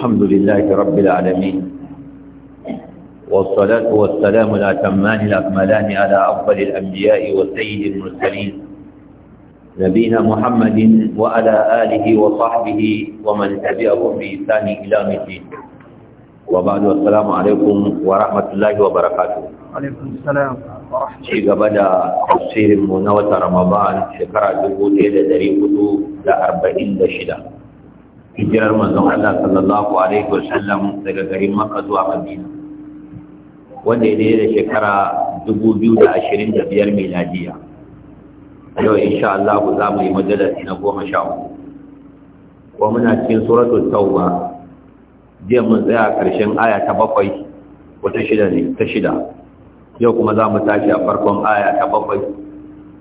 الحمد لله رب العالمين والصلاة والسلام الأتمان الأكملان على أفضل الأنبياء وسيد المرسلين نبينا محمد وعلى آله وصحبه ومن تبعهم بإحسان إلى الدين وبعد السلام عليكم ورحمة الله وبركاته عليكم السلام ورحمة الله بدا تفسير منوة رمضان شكرا جبوت إلى دريقه لأربعين شدة hijirar manzon Allah sallallahu alaihi wasallam daga garin Makka zuwa Madina wanda ya da shekara 2025 miladiya yau insha Allah za mu yi majalisi na goma sha uku wa muna cikin suratu tauba jiya mun tsaya karshen aya ta bakwai wata shida ne ta shida yau kuma za mu tashi a farkon aya ta bakwai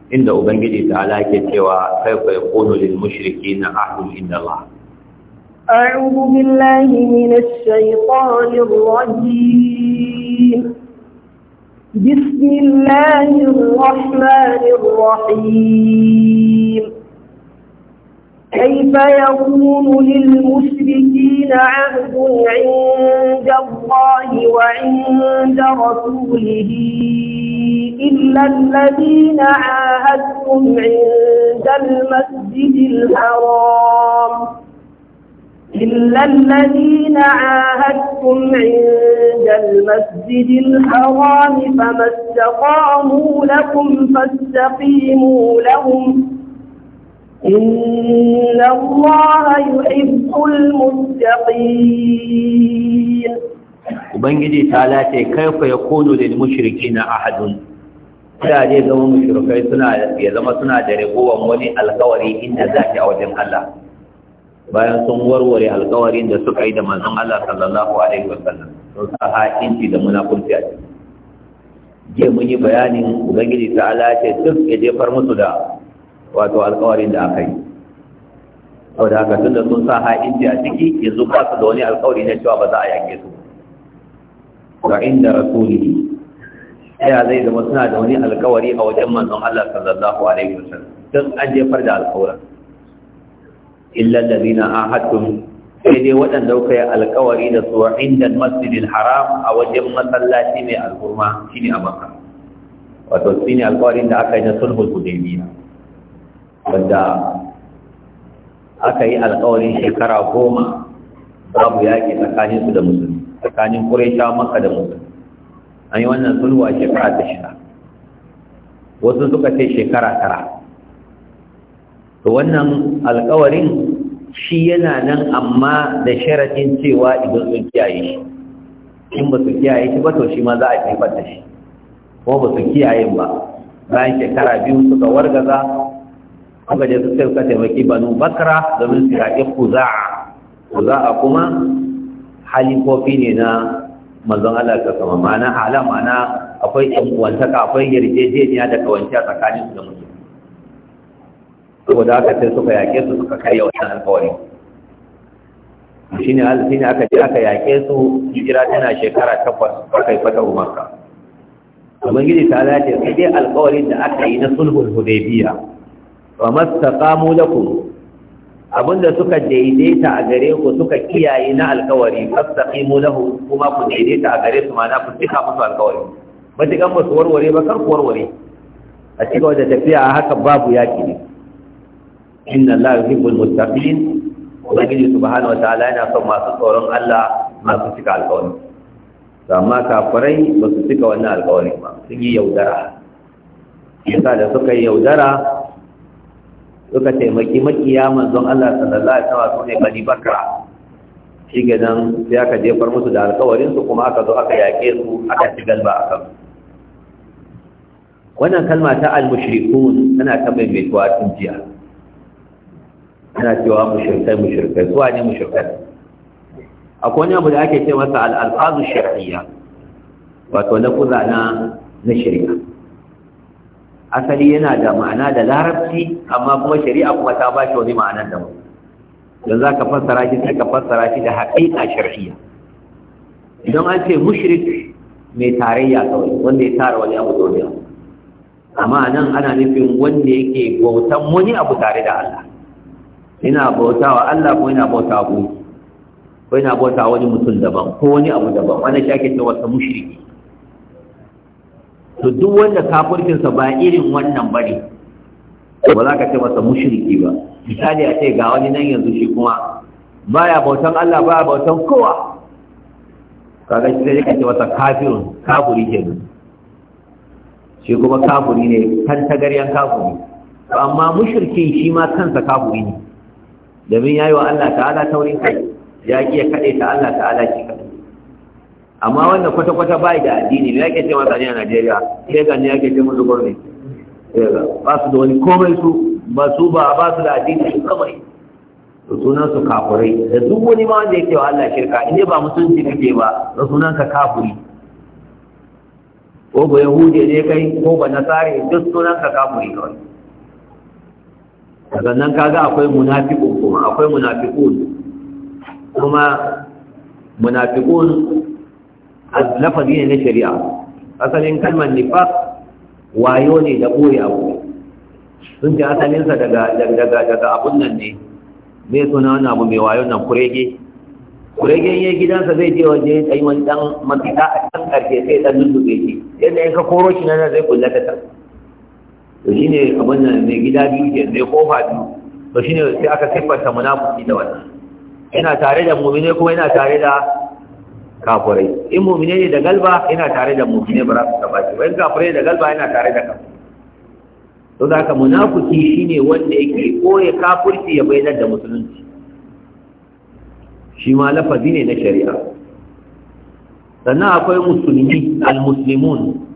inda ubangiji ta ala ke cewa kai kai kono lil mushrikeena ahdun inda Allah أعوذ بالله من الشيطان الرجيم بسم الله الرحمن الرحيم كيف يكون للمشركين عهد عند الله وعند رسوله إلا الذين عاهدتم عند المسجد الحرام إلا الذين عاهدتم عند المسجد الحرام فما استقاموا لكم فاستقيموا لهم إن الله يحب المتقين وبنجي ثلاثة كيف يكون للمشركين أحد لا يزمون مشركين سنة يزمون سنة جريبوا وموني القوري إن ذاك أو جمع الله bayan sun warware alkawarin da suka yi da manzon Allah sallallahu alaihi wasallam sun sa ha'inci da munafurci a ciki je mun yi bayanin ubangiji ta ala ce duk ya jefar musu da wato alkawarin da aka yi da haka tun da sun sa ha'inci a ciki yanzu ba su da wani alkawari na cewa ba za a yake su ga inda rasulihi ya zai zama suna da wani alkawari a wajen manzon Allah sallallahu alaihi wasallam duk an jefar da alkawarin illa ladina ahadtum sai dai waɗanda kuka yi alkawari da su inda masjidil haram a wajen masallaci mai alhurma shine a makka wato shine alkawarin da aka yi na sulhul hudaybiya wanda aka yi alkawarin shekara goma babu yaƙi tsakanin su da musulmi tsakanin quraisha makka da musulmi an yi wannan sulhu a shekara ta shida wasu suka ce shekara tara to wannan alƙawarin shi yana nan amma da sharadin cewa idan sun kiyaye shi in ba su kiyaye shi ba to shi ma za a jefar da shi ko ba su kiyaye ba bayan shekara biyu suka wargaza suka je su suka taimaki banu bakara domin su yaƙi kuza'a kuza'a kuma hali kofi ne na manzon Allah ka sama ma'ana halama na akwai ƴan uwantaka akwai yarjejeniya da kawanci tsakanin tsakaninsu da mutum saboda aka sai suka yaƙe su suka karya wannan alkawari shine alfini aka je aka yaƙe su hijira tana shekara takwas aka yi fata umarka gini ta lace sai dai alkawarin da aka yi na sulhul hudaybiya wa mastaqamu lakum abinda suka daidaita a gare ku suka kiyaye na alƙawari fastaqimu lahu kuma ku daidaita a gare su mana ku tsika musu alkawari matukan ba su warware ba kar ku warware a cikin wajen tafiya haka babu yaƙi ne inna la yuhibbul muttaqin ubangiji subhanahu wataala yana son masu tsoron Allah masu cika alƙawari amma kafirai ba su cika wannan alƙawari ba sun yi yaudara yasa da suka yi yaudara suka taimaki makiya manzon Allah sallallahu alaihi wasallam sune Bani Bakra shi gidan sai aka jefar musu da alƙawarin su kuma aka zo aka yaƙe su aka ci galba a kan wannan kalma ta al-mushrikun tana ta maimaituwa tun jiya ana cewa mushirkai mushirkai su ne mushirkai akwai wani abu da ake ce masa al'alfazu shari'a wato na kuza na na shari'a asali yana da ma'ana da larabci amma kuma shari'a kuma ta ba shi wani ma'anar da mu don za ka fassara shi sai ka fassara shi da haƙiƙa shari'a idan an ce mushrik mai tarayya kawai wanda ya tara wani abu duniya amma nan ana nufin wanda yake bautan wani abu tare da Allah ina bautawa Allah ko ina bauta ku ko ina bauta wani mutum daban ko wani abu daban wannan shi ake cewa sa mushriki to duk wanda sa ba irin wannan bane ba za ka ce masa mushriki ba misali a ce ga wani nan yanzu shi kuma baya bautan Allah baya bautan kowa kaga shi zai kace wata kafirun kafuri kenan shi kuma kafuri ne kan tagaryan kafuri amma mushrikin shi ma kansa kafuri ne domin ya yi wa Allah ta'ala taurin kai ya ƙi ya kaɗe ta Allah ta'ala shi kaɗai amma wannan kwata-kwata ba da addini ne ke ce masa ne a Najeriya sai gani ne ke ce musu gwamnati ba su da wani komai su ba su ba ba su da addini su kamai, da sunan su kafurai da duk wani ma wanda ya ke wa Allah shirka in ba mutunci kake ba da sunan ka kafuri ko ba yahude ne kai ko ba nasare duk sunan ka kafuri kawai sannan kaga akwai munafiqun kuma akwai munafiqun kuma munafiqun lafazi ne na shari'a asalin kalmar nifaq wayo ne da boye abu sun ce asalinsa daga daga daga abun nan ne me suna wani abu mai wayo nan kurege kurege ya gidansa zai je waje ya yi wani dan mafita a can karshe sai dan lullube shi yadda ya ka koro shi na zai kullata ta to ne abin wannan mai gida biyu ke mai kofa biyu to shine sai aka siffanta munafuki da wannan yana tare da mu'mine kuma yana tare da kafirai in mu'mine ne da galba yana tare da mu'mine ba za su taba shi wani kafirai da galba yana tare da kafirai to da ka munafuki shine wanda yake koye kafirci ya bayyana da musulunci shi ma lafazi ne na shari'a sannan akwai musulmi al-muslimun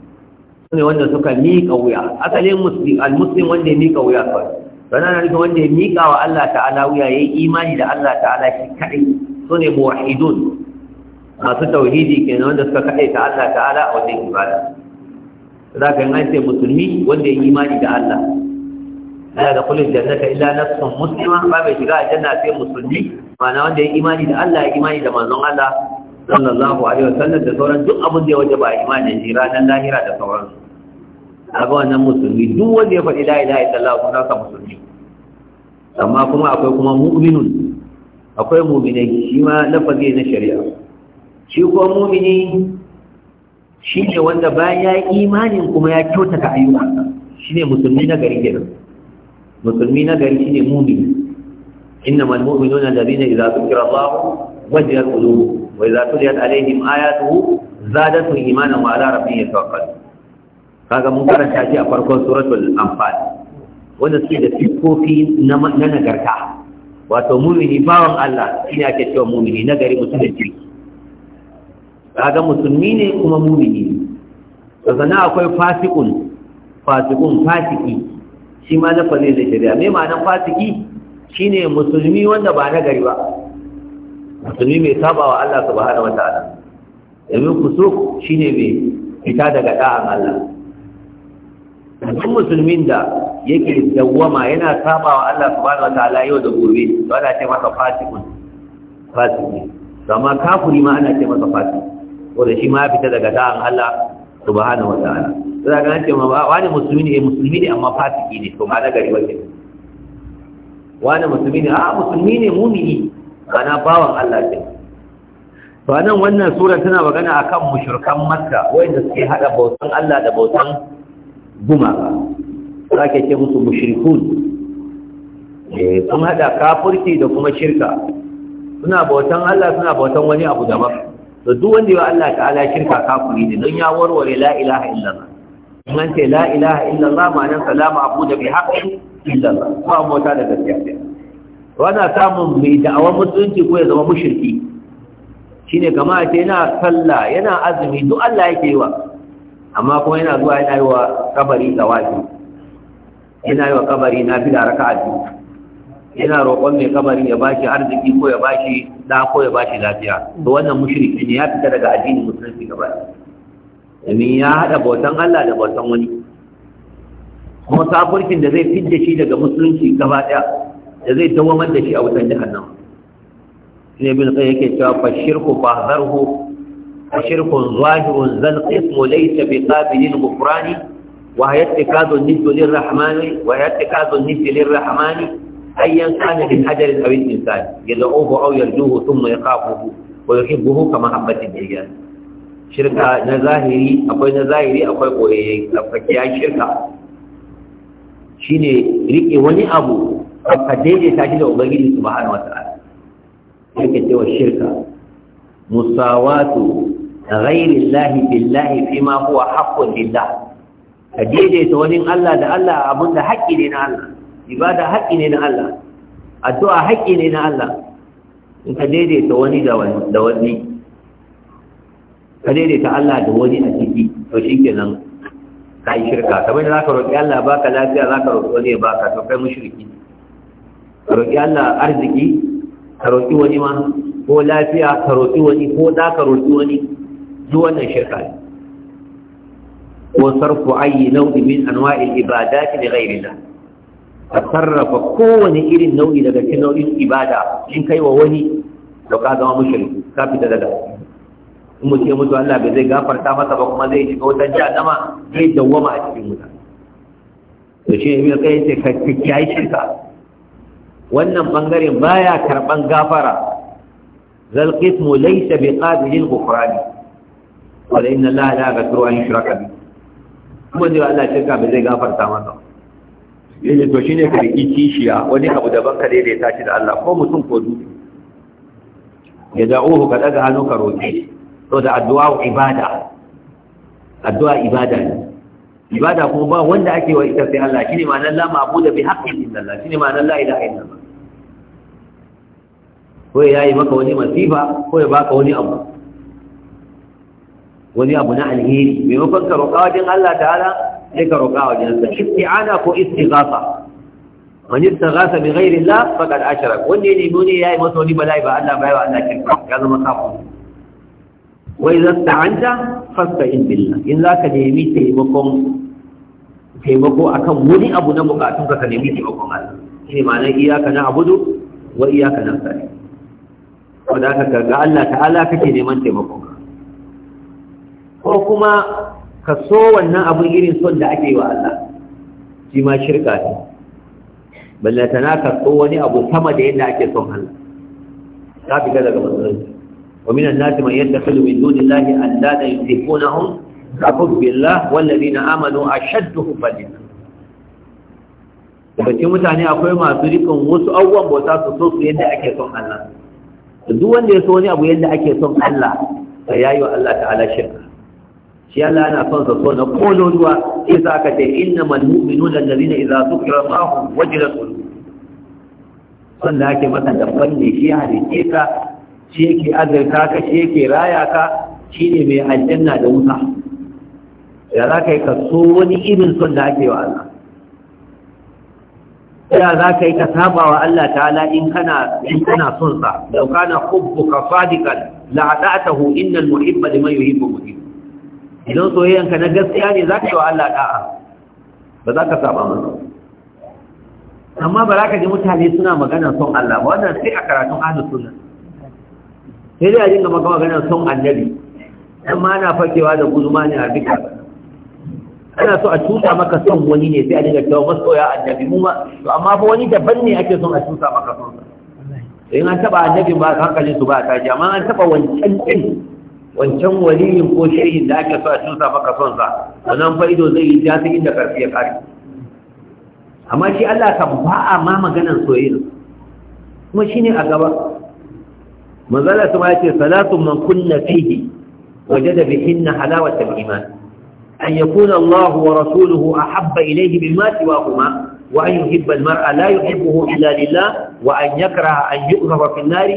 ne wanda suka miƙa wuya asalin muslim al-muslim wanda ya miƙa wuya kawai don na nufin wanda ya miƙa wa Allah ta'ala wuya ya yi imani da Allah ta'ala shi kaɗai su ne muwahidun masu tauhidi ke wanda suka kaɗai ta Allah ta'ala a wajen ibada za ka yi an ce musulmi wanda ya yi imani da Allah ya da kullum jannata illa na sun muslima ba mai shiga a janna sai musulmi ma'ana wanda ya yi imani da Allah ya yi imani da manzon Allah sallallahu alaihi wasallam da sauran duk abin da ya waje ba imani da shi ranar lahira da sauransu kaga wannan musulmi duk wanda ya faɗi la ilaha illallah kuma ka musulmi amma kuma akwai kuma mu'minun akwai mu'minai shi ma lafazi na shari'a shi kuma mu'mini shi ne wanda bayan ya yi imanin kuma ya kyautata ayyuka shi ne musulmi na gari kenan musulmi na gari shi ne mu'mini إنما idza الذين إذا ذكر qulubuhum wa idza tuliyat alaihim عليهم آياته imanan wa ala rabbihim يتوكلون kaga mun karanta shi a farkon suratul anfal wanda suke da siffofi na nagarta wato mumini bawan Allah shine ake cewa mumini nagari musulunci. da kaga musulmi ne kuma mumini ne na akwai fasikun fasikun fasiki shi ma na fane da shari'a me ma'anar fasiki shine musulmi wanda ba nagari ba musulmi mai sabawa Allah subhanahu wataala domin kusuk shine mai fita daga da'an Allah duk musulmin da yake dawwama yana sabawa Allah subhanahu wataala yau da gobe to ana ce masa fasikun fasiki amma kafiri ma ana ce masa ko da shi ma ya fita daga da'an Allah subhanahu wataala sai ga ce ma wani musulmi ne eh, musulmi ne amma fasiki ne to ba na gari wace wani musulmi ne a ah, musulmi ne mumini ana bawan Allah ce to anan wannan sura tana magana akan mushrikan Makka wanda suke hada bautan Allah da bautan gumaka za ka ce musu mushrikun eh, sun haɗa kafurki da kuma shirka suna bautan Allah suna bautan wani abu daban to duk wanda ya Allah ta'ala shirka kafuri ne don ya warware la ilaha illallah in an ce la ilaha illallah ma'anar salama abu da bi haƙƙi illallah ba mota da gaskiya wannan samun mai da'awar musulunci ko ya zama mushriki shine kama ce yana sallah yana azumi duk Allah yake yi wa amma kuma yana zuwa yana yi wa kabari tsawafi yana yi wa kabari na fi da raka a biyu yana roƙon mai kabari ya bashi arziki ko ya bashi da ko ya bashi lafiya to wannan mushriki ne ya fita daga addinin musulunci gaba domin ya haɗa bautan Allah da bautan wani kuma sabulkin da zai fidda shi daga musulunci gaba ɗaya da zai dawamar da shi a wutan jahannam ne bin sai yake cewa fashirku fahzarhu وشرك ظاهر ذا القسم ليس بقابل الغفران وهي اتكاد الند للرحمن وهي اتكاد الند للرحمن أيا كان من أو الإنسان يدعوه أو يرجوه ثم يخافه ويحبه كمحبة الدجال shirka na zahiri akwai na zahiri akwai koyayye tsafakiyar shirka shi ne riƙe wani abu ka daidaita shi da ubangiji su bahana wata shirka musawatu ghairi Allah billahi fi ma huwa haqqun lillah ka daidaita wani Allah da Allah abin da haƙƙi ne na Allah ibada haƙƙi ne na Allah addu'a haƙƙi ne na Allah in ka daidaita wani da wani ka daidaita Allah da wani a ciki to shi ke nan ka yi shirka kamar za ka roƙi Allah baka lafiya za ka roƙi wani ya baka to kai mushriki ka roƙi Allah arziki ka roƙi wani ma ko lafiya ka roƙi wani ko za ka roƙi wani duk wannan shirka ne ko sarfu ayi nau'i min anwa'il ibadati li ghairillah ka sarrafa kowane irin nau'i daga cikin nau'in ibada in kai wa wani da ka zama mushriki ka fita daga in mutum ya mutu Allah bai zai gafarta masa ba kuma zai shiga wutar jahannama zai dawwama a cikin wuta to shi ne kai ce ka kiyaye shirka wannan bangaren baya karban gafara zal qismu laysa biqabilil ghufrani wala inna allaha la yaghfiru an yushraka bihi kuma zai Allah shirka ba zai gafarta masa yace to shine ka riki kishiya wani abu daban ka ta shi da Allah ko mutum ko dutse ya da'uhu ka daga hannu ka roƙe to da addu'a ibada addu'a ibada ne ibada kuma ba wanda ake wa ita sai Allah shine nan la ma'budu bi haqqin illa Allah shine nan la ilaha illa Allah ko ya yi maka wani masifa ko ya baka wani abu wani abu na alheri maimakon ka roƙa wajen Allah ta'ala sai ka roƙa wajen sa isti'ana ko istighafa man istaghatha bi ghairi Allah faqad ashrak wanda ne nuni yayi masa wani bala'i ba Allah bai wa Allah shirka ya zama kafir wa idza ista'anta fasta'in billah in zaka nemi taimakon taimako akan wani abu na bukatun ka ka nemi taimakon Allah shi ma'ana iyaka na abudu wa iyaka na sa'i wadda ka ga Allah ta'ala kake neman taimakon ka. ko kuma ka so wannan abin irin son da ake wa Allah shi ma shirka ne ballatana ka so wani abu sama da yadda ake son Allah ka fita daga musulunci wa minan nasi man yattakhidhu min dunillahi andada yusifunahum ka hubbillah wallazina amanu ashaddu hubban lillah daga cikin mutane akwai masu rikon wasu abubuwan bauta su so su yadda ake son Allah duk wanda ya so wani abu yadda ake son Allah ya yi wa Allah ta'ala shirka shi Allah yana son sa so na ruwa sai za ka ce inna man mu'minuna allazina idza zukira Allah wajilat qulubuhum wanda ake masa dabban ne shi halice ka shi yake azurta ka shi yake raya ka shi ne mai aljanna da wuta da za ka yi kaso wani irin son da ake wa Allah ya za ka yi ka saba wa Allah ta'ala in kana in kana son sa law kana hubbuka sadiqan la'ata'tahu innal muhibba liman yuhibbu muhib idan soyayyanka na gaskiya ne za ka yi wa Allah da'a ba za ka saba masa amma ba za ka ji mutane suna magana son Allah ba wannan sai a karatun ahlus sunna sai dai a dinga maka magana son annabi ma ana fakewa da guzuma ne a duka ana so a cuta maka son wani ne sai a dinga cewa masoya annabi mu to amma fa wani daban ne ake son a cuta maka son sa in an taba annabi ba hankalin su ba ta ji amma an taba wancan din wancan waliyin ko shehin da aka so a cusa maka son sa wannan fa'ido zai yi jasi inda karfi ya kare amma shi Allah kan ba a ma maganan soyayya kuma shine a gaba manzala kuma yace salatu man kunna fihi wajada bihinna halawat al-iman an yakuna Allah wa rasuluhu ahabba ilayhi mimma siwahuma وأن يحب المرأة لا يحبه إلا لله وأن يكره أن يؤذف في النار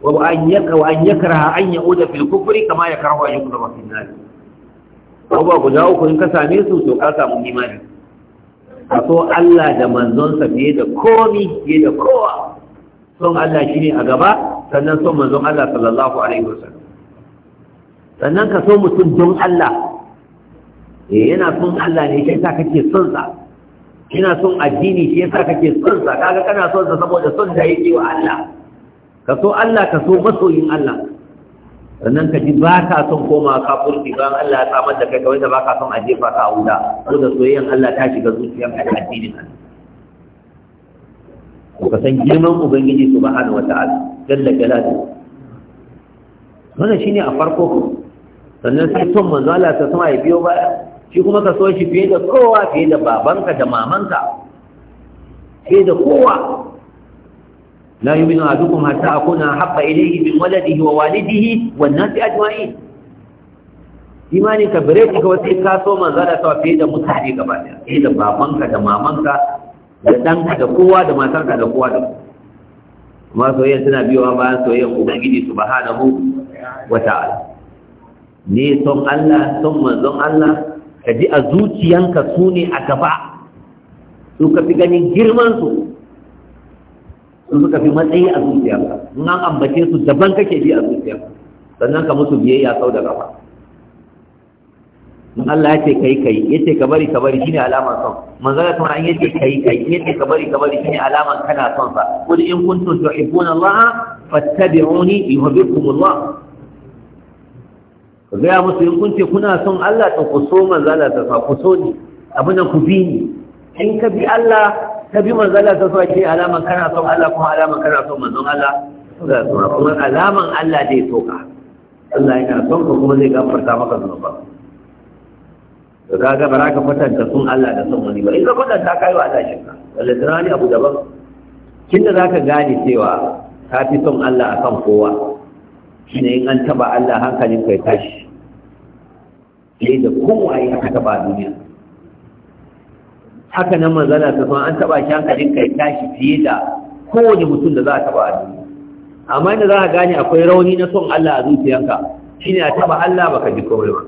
wa an yaka wa an yakraha an yauda kama yakrahu an yuqdama fil nar ko ba guda uku in ka same su to ka samu imani ka so Allah da manzonsa fiye da komi fiye da kowa son Allah a gaba sannan son manzon Allah sallallahu alaihi sannan ka so mutum don Allah eh yana son Allah ne shi yasa kake son sa son addini shi yasa kake son sa kaga kana son sa saboda son da yake wa Allah ka so Allah ka so masoyin Allah sannan ka ji ba ka son koma kafurci ba Allah ya samar da kai kawai da ba ka son a jefa ka a wuta ko da soyayyan Allah ta shiga zuciyar ka da addinin Allah ko ka san girman ubangiji subhanahu wata'ala jalla jalaluhu wannan shine a farko sannan sai son manzo Allah ta sama ya biyo baya shi kuma ka so shi fiye da kowa fiye da babanka da mamanka fiye da kowa لا yu'minu ahadukum حتى أكون habba إليه من ولده wa walidihi أجمعين imanin ka bare ka wace ka so manzo da sawa fiye da mutane gaba ɗaya fiye da babanka da mamanka da ɗanka da kowa da matarka da kowa da kuma suna tana biyowa bayan soyayyar ubangiji mu wata ala ne son Allah son manzon Allah ka ji a zuciyanka su ne a gaba su ka fi ganin girmansu sun suka fi matsayi a zuciya in an ambace su daban kake bi a zuciya sannan ka musu biyayya sau da gaba in Allah ya ce kai kai ya ce ka bari ka bari shine alamar son manzara tun an yace kai kai ya ce ka bari ka bari shine alamar kana son sa qul in kuntum tuhibbuna Allah fattabi'uni yuhibbukum Allah ka gaya musu in kun kuna son Allah to ku so manzara ta fa ku so ni abin da ku bi ni in ka bi Allah ka bi manzon Allah sai ce alaman kana son Allah kuma alaman kana son manzon Allah da suna kuma alaman Allah zai soka Allah yana son ka kuma zai gafarta maka zunuba Da ka ga za ka kwatanta sun Allah da son wani ba in ka kwatanta kai wa Allah shirka wallahi tunani abu daban kin da zaka gane cewa ka fi son Allah akan kowa shine in an taba Allah hankalin kai tashi sai da kowa ya taba duniya haka nan manzana ta san an taba shi hankalin kai tashi fiye da kowane mutum da za a taba a amma inda za a gane akwai rauni na son Allah a zuciyanka shine a taba Allah baka ji komai ba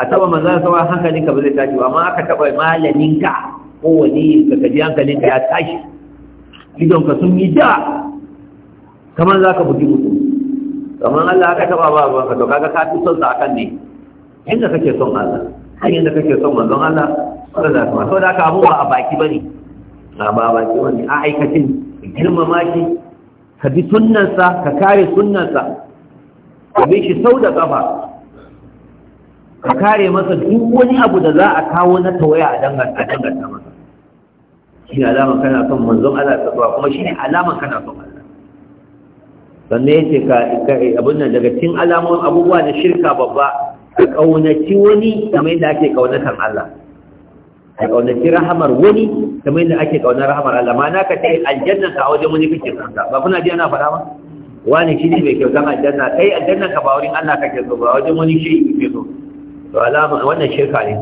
a taba manzana sama hankalin ka ba zai tashi ba amma aka taba malamin ka ko wani ka ji hankalin ka ya tashi idon ka sun yi da kamar za ka bugi mutum kamar Allah aka taba ba ba to kaga ka fi son sa akan ne inda kake son Allah har yanda kake son manzon Allah sallallahu alaihi wasallam da abu ba a baki bane ba ba baki bane a aikacin girmama shi ka bi sunnansa ka kare sunnansa ka bi shi sau da kafa ka kare masa duk wani abu da za a kawo na tawaya a dangata masa shi ne alama kana son manzon Allah ta zuwa kuma shi ne alama kana son Allah sannan ya ce ka abin nan daga cikin alamun abubuwa na shirka babba ka ƙaunaci wani kamar yadda ake ƙaunatar Allah ka kaunaci rahamar wani kamar yadda ake kaunar rahamar Allah ma na ka ce aljanna ka wajen wani kake kanta ba kuna ji ana faɗa ba wani shi ne mai kyautan aljanna kai aljanna ka ba wurin Allah kake so ba wajen wani shi kake so to alama wannan shirka ne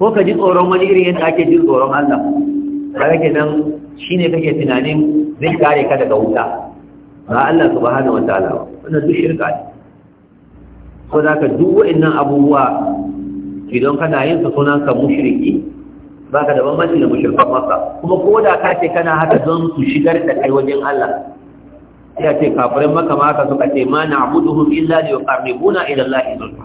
ko ka ji tsoron wani irin yadda ake jin tsoron Allah kare ke nan shine kake tunanin zai kare ka daga wuta ba Allah subhanahu wataala wannan duk shirka ne ko zaka duk wa'annan abubuwa idan kana yin sa sunan ka mushriki ka da bambanci da mushrikan maka kuma ko da ka ce kana haka don su shigar da kai wajen Allah ya ce kafirin maka ma haka suka ce ma na'buduhu illa yuqarribuna ila Allahi zulfa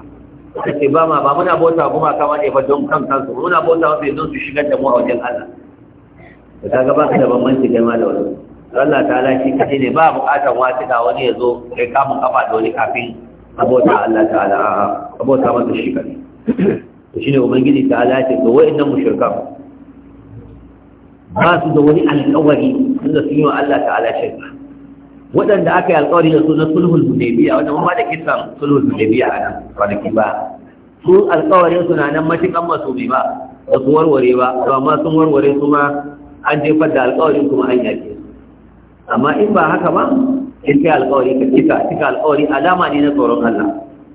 kace ba ma ba muna bauta kuma kama ne fa don kan kansu muna bauta wa don su shigar da mu a wajen Allah to kaga ka da bambanci kai ma da wani Allah ta'ala shi kace ne ba bukatar da wani ya zo kai kamun kafa da wani kafin abota Allah ta'ala abota masa shi kai to shine ubangiji ta ala ce ga wayannan mushrikan ba su da wani alƙawari tunda sun yi wa Allah ta'ala shirka waɗanda aka yi alƙawari da su na sulhul hudaybiya wanda ma da kisan sulhul hudaybiya a nan kwanaki ba su alƙawarin su na nan matuƙan masu bi ba ba su warware ba to amma sun warware su ma an jefar da alƙawarin kuma an yake amma in ba haka ba in kai alƙawari ka cika cika alƙawari alama ne na tsoron Allah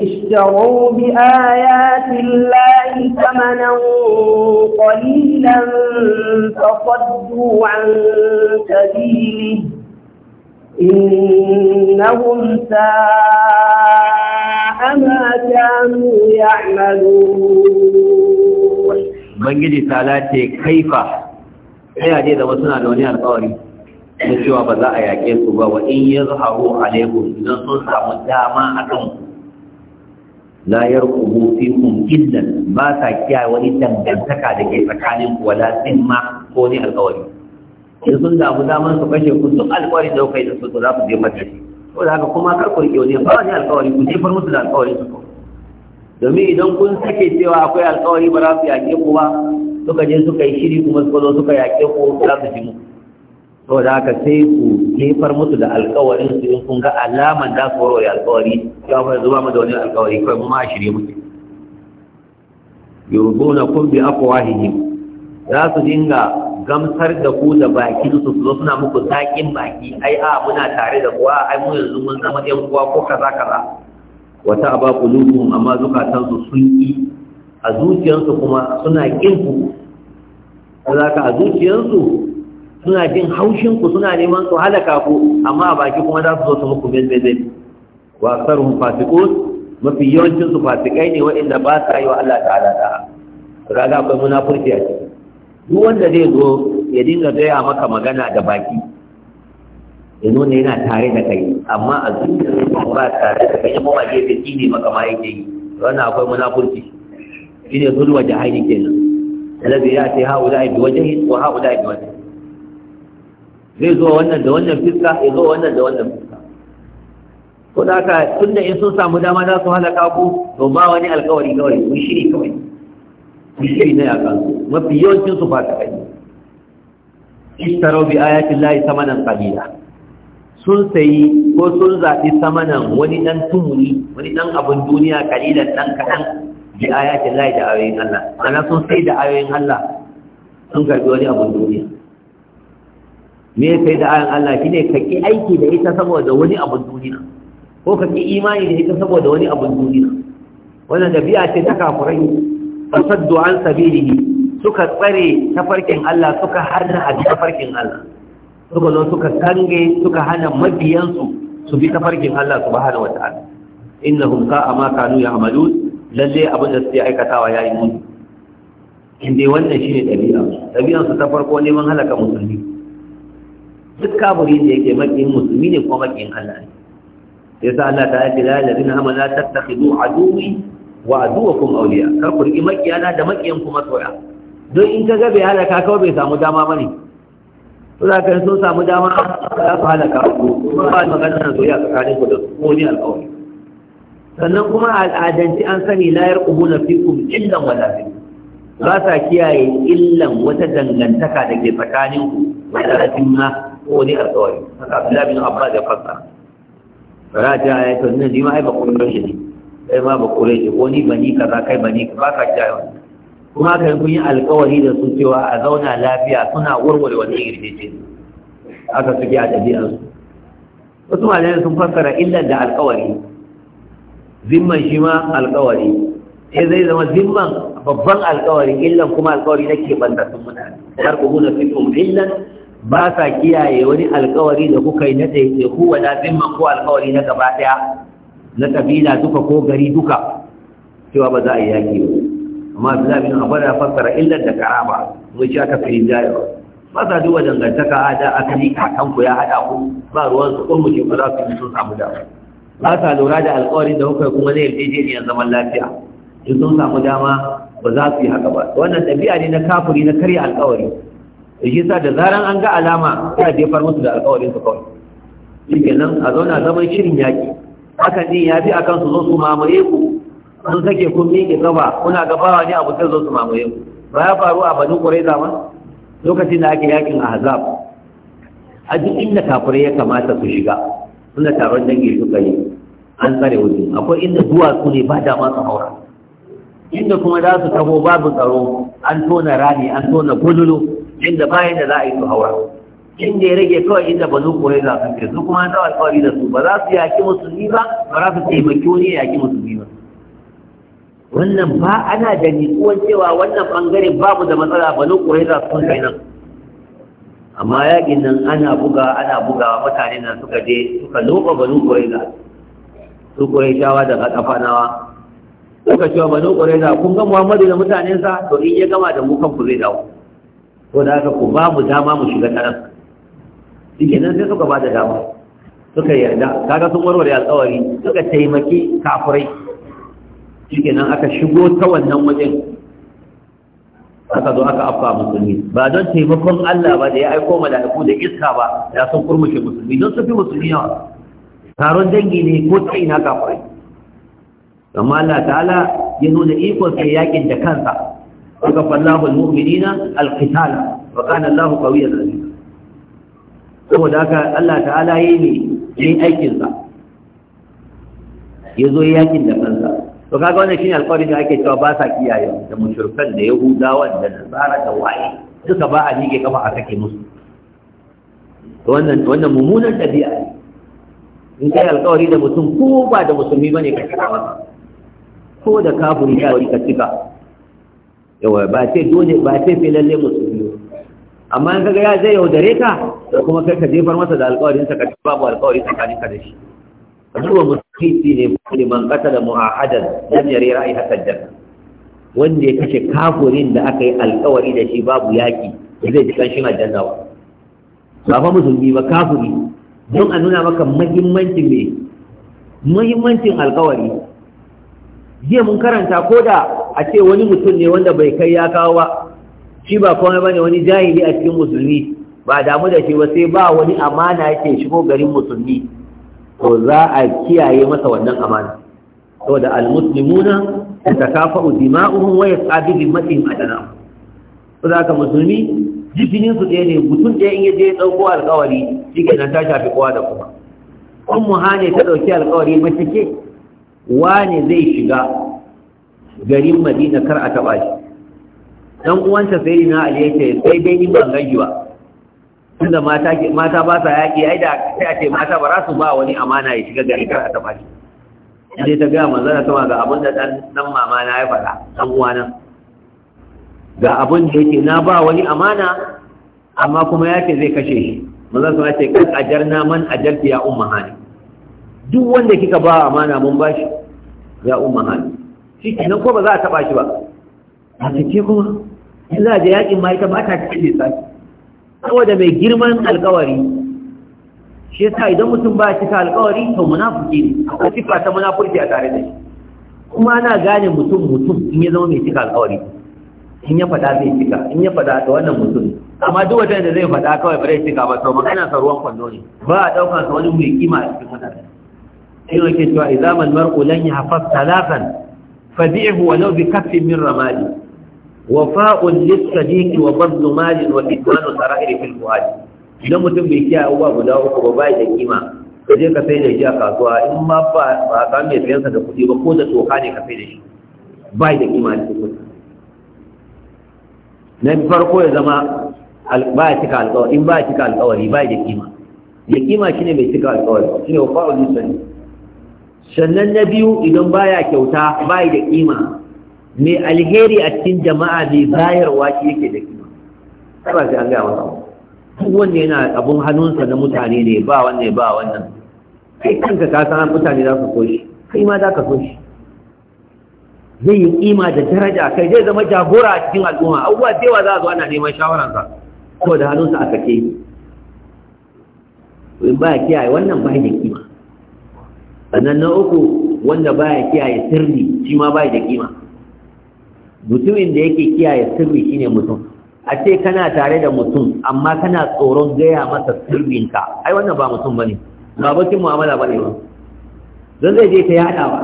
اشتروا ya الله ثمنا قليلا فصدوا عن سبيله إنهم ساء ما كانوا يعملون بنجي تعالى كيف هي هذه da wasu na da wani alƙawari da cewa ba za a yaƙe su ba wa in yazharu alaikum idan sun samu dama akan ku la yarqubu fikum illa ba sa kiyaye wani dangantaka da ke tsakanin ku wala zimma ko ni alƙawari in sun damu daman su kashe ku duk alƙawari da kai da su za ku je mata ko da haka kuma kar ku rike wani ba ni alƙawari ku jefar musu da alƙawari su domin idan kun sake cewa akwai alƙawari ba za su yaƙe ku ba suka je suka yi shiri kuma suka zo suka yaƙe ku za su ji mu da ka sai ku jefar musu da alƙawarin su in kun ga alaman da su warware alkawari ya fa zuba mu da wani alkawari kai mu ma shirye muke yurduna kun bi afwahihim za su dinga gamsar da ku da baki su su zo suna muku zaƙin baki ai a muna tare da kuwa ai mu yanzu mun zama ɗan kuwa ko kaza kaza wata aba qulubuhum amma zukatansu sun yi a zuciyarsu kuma suna kinku ku ka a zuciyarsu suna jin haushin ku suna neman su halaka ku amma a baki kuma za su zo su muku bezbezbe wa aktsaruhum fasiqun mafi yawancin su fasikai ne waɗanda ba sa yi wa Allah ta'ala Da ra ga akwai munafurci a ciki duk wanda zai zo ya dinga gaya maka magana da baki ya nuna yana tare da kai amma a zuciya ba tare da kai kuma gefe ne maka ma yake yi wannan akwai munafurci shine zulwa jahili kenan alladhi ta haula bi wajhi wa haula bi wajhi zai zo wannan da wannan fiska ya zo wannan da wannan fiska ko da haka tunda in sun samu dama za su halaka ku to ba wani alkawari kawai ku shiri kawai Mun shiri na yakan mafi yawancin su ta kai istarau bi ayatin lahi samanan qalila sun sayi ko sun zaɓi samanan wani ɗan tumuli wani ɗan abin duniya kalilan ɗan kaɗan bi ayatin lahi da ayoyin Allah ana sun sai da ayoyin Allah sun karɓi wani abun duniya me ya sai da ayan Allah shine ka ki aiki da ita saboda wani abin duniya ko ka ki imani da ita saboda wani abin duniya wannan dabi'a ce ta kafirai fasaddu an sabilihi suka tsare tafarkin Allah suka hana a tafarkin Allah suka zo suka kange suka hana mabiyansu su bi tafarkin Allah subhanahu wata'ala innahum sa'a ma kanu ya'malun lalle abin da suke aikatawa yayi muni in dai wannan shine dabi'a dabi'an su ta farko neman halaka musulmi duk kafiri da yake makin musulmi ne kuma makin Allah ne yasa Allah ta yace la amala amma la a aduwi wa aduwakum awliya kar ku riki makiyana da makiyan kuma soya don in ka ga bai halaka kawai bai samu dama ba ne? Su za ka sun samu dama za su halaka ku ba magana soya tsakanin ku da ko ni alƙawari sannan kuma al'adanci an sani la yarqubuna fikum illan wala fikum ba sa kiyaye illan wata dangantaka da ke tsakaninku wata rafin ma ko wani alƙawari haka Abdullahi bin Abbas ya fassara raja ya to ne jima ai ba kullun shi ne kai ma ba kure shi wani bani za kai bani ba ka kiyaye wannan kuma kan kun yi alƙawari da su cewa a zauna lafiya suna warware wannan irjejin aka suke a su. wasu malamai sun fassara illan da alƙawari zimman shi ma alƙawari sai zai zama zimman babban alƙawari illan kuma alƙawari nake ke banda sun mutane har ku guna fikum illan ba sa kiyaye wani alkawari da kuka yi na tsaye wa na zimman ko alkawari na gaba daya na kabila duka ko gari duka cewa ba za a yi yaki ba amma abdullahi bin abbas ya fassara illar da karaba mun ci aka fi jayewa ba sa duba dangantaka a da aka yi kakan ku ya haɗa ku ba ruwan su ko muke ba za su yi sun samu dama ba sa lura da alkawarin da kuka yi kuma na yarjejeniyar zaman lafiya in sun samu dama ba za su yi haka ba wannan ɗabi'a ne na kafuri na karya alkawari da shi sa da zaran an ga alama ya jefar musu da alƙawarin su kawai shi nan a zauna zaman shirin yaƙi hakan din ya fi a su zo su mamaye ku sun sake kun miƙe gaba kuna gabawa ne abu sai zo su mamaye ku ba ya faru a banu ƙuraiza zama lokacin da ake yakin hazab a duk inda kafirai ya kamata su shiga suna taron dangi suka yi an tsare wuce akwai inda duwatsu ne ba dama su haura inda kuma za su taho babu tsaro an tona rami an tona gululu inda bayan da za a yi su haura inda ya rage kawai inda ba zo kore za su ke su kuma an tsawa alƙawari da su ba za su yaƙi musulmi ba ba za su taimaki wani ya yaƙi musulmi ba wannan ba ana da nutsuwan cewa wannan ba babu da matsala ba zo kore za su kai nan amma yaƙin nan ana buga ana bugawa mutane nan suka je suka loba banu za su ƙuraishawa da ƙafanawa suka cewa banu za kun ga muhammadu da mutanensa to in ya gama da mu kanku zai dawo Ko da aka ku ba mu dama mu shiga taron shike nan sai suka ba da dama suka yarda kaga sun warware alƙawari suka taimaki kafirai shike nan aka shigo ta wannan wajen aka zo aka afka musulmi ba don taimakon Allah ba da ya aiko mala'iku da iska ba da sun kurmushe musulmi don su fi musulmi yawa taron dangi ne ko ta ina kafirai amma Allah ta'ala ya nuna ikon sai yakin da kansa وكفى الله المؤمنين القتال وكان الله قويا عزيزا saboda haka Allah ta'ala yi ne yin aikinsa ya zo yakin da kansa to kaga wannan shine alƙawarin da ake cewa ba sa kiyaye da mushrikan da yahudawan da nasara da waye duka ba a nige kafa a sake musu wannan wannan mummunan tabi'a in kai alƙawari da mutum ko ba da musulmi bane ka kira masa ko da kafiri ka rika ka cika yawa ba ce dole ba ce fi lalle biyu amma in kaga ya zai yaudare ka da kuma kai ka jefar masa da alƙawarin sa ka ci babu alƙawari tsakanin ka da shi zuwa musulunci ne kulli man mu'ahadar mu'ahadan yare ra'ayi a hatta wanda ya kashe kafurin da aka yi alƙawari da shi babu yaƙi, zai ji ƙanshin aljanna ba ba fa musulmi ba kafuri. don a nuna maka muhimmancin me muhimmancin alƙawari jiya mun karanta ko da a ce wani mutum ne wanda bai kai ya kawo ba shi ba komai bane wani jahili a cikin musulmi ba damu da shi ba sai ba wani amana yake shigo garin musulmi to za a kiyaye masa wannan amana saboda almuslimuna tatakafa'u dima'uhum wa yas'adu dhimmatihim Su za ka musulmi jifinin su ɗaya ne mutum ɗaya in ya je ɗauko alkawari shi nan ta shafi kowa da kuma kun muhane ta ɗauki alkawari mace ke wane zai shiga garin madina kar a taɓa shi dan uwanta sai na ali yace sai dai in ban gaji ba tunda mata mata ba sa yaki ai da sai a ce mata ba za su ba wani amana ya shiga gari kar a taɓa shi sai ta ga manzana sama ga abin da ɗan mama na ya faɗa ɗan nan. ga abin da yake na ba wani amana amma kuma ya ce zai kashe shi manzana sama ce kan ajar na man ajar ya umma duk wanda kika ba amana mun ba shi ya umma shi kenan ko ba za a taɓa shi ba a cike kuma in za a je yakin ma ita ba ta cikin lissafi saboda mai girman alkawari shi yasa idan mutum ba cika alkawari to munafiki ne a sifa ta munafurki a tare da shi kuma ana gane mutum mutum in ya zama mai cika alkawari in ya faɗa zai cika in ya faɗa da wannan mutum amma duk wata da zai faɗa kawai ba zai cika ba to magana sa ruwan kwando ne ba a ɗaukar sa wani mai kima a cikin mutane sai yake cewa idan mar'u lan yahfaz talakan. fadi'hu wa law bi kaffin min ramadi wafa'un lis-sadiqi wa badlu malin wa ikwanu sara'iri fil fuhadi idan mutum bai kiyaye abubuwa guda uku ba bai da kima ka je ka sai da shi a kasuwa in ma ba ba ka mai sayansa da kuɗi ba ko da toka ne ka sai da shi bai da kima ne kuɗi na farko ya zama ba ya cika alƙawari in ba ya cika alƙawari bai da kima ya kima shi ne bai cika alƙawari ne wa fa'ul lisani sannan na biyu idan baya kyauta bai da kima mai alheri a cikin jama'a mai bayarwa shi yake da kima ba sai an gaya masa duk wanda yana abun hannunsa na mutane ne ba wannan ba wannan kai kanka ka san mutane za su so shi kai ma za ka so shi zai yi kima da daraja kai zai zama jagora a cikin al'umma abubuwa da yawa za a zo ana neman shawararsa ko da hannunsa a sake in ba kiyaye wannan ba ne sannan na uku wanda baya kiyaye sirri shi ma bai da kima mutumin da yake kiyaye sirri shine mutum a ce kana tare da mutum amma kana tsoron gaya masa sirrinka ai wannan ba mutum bane ba bakin mu'amala bane ba don zai je ta yada ba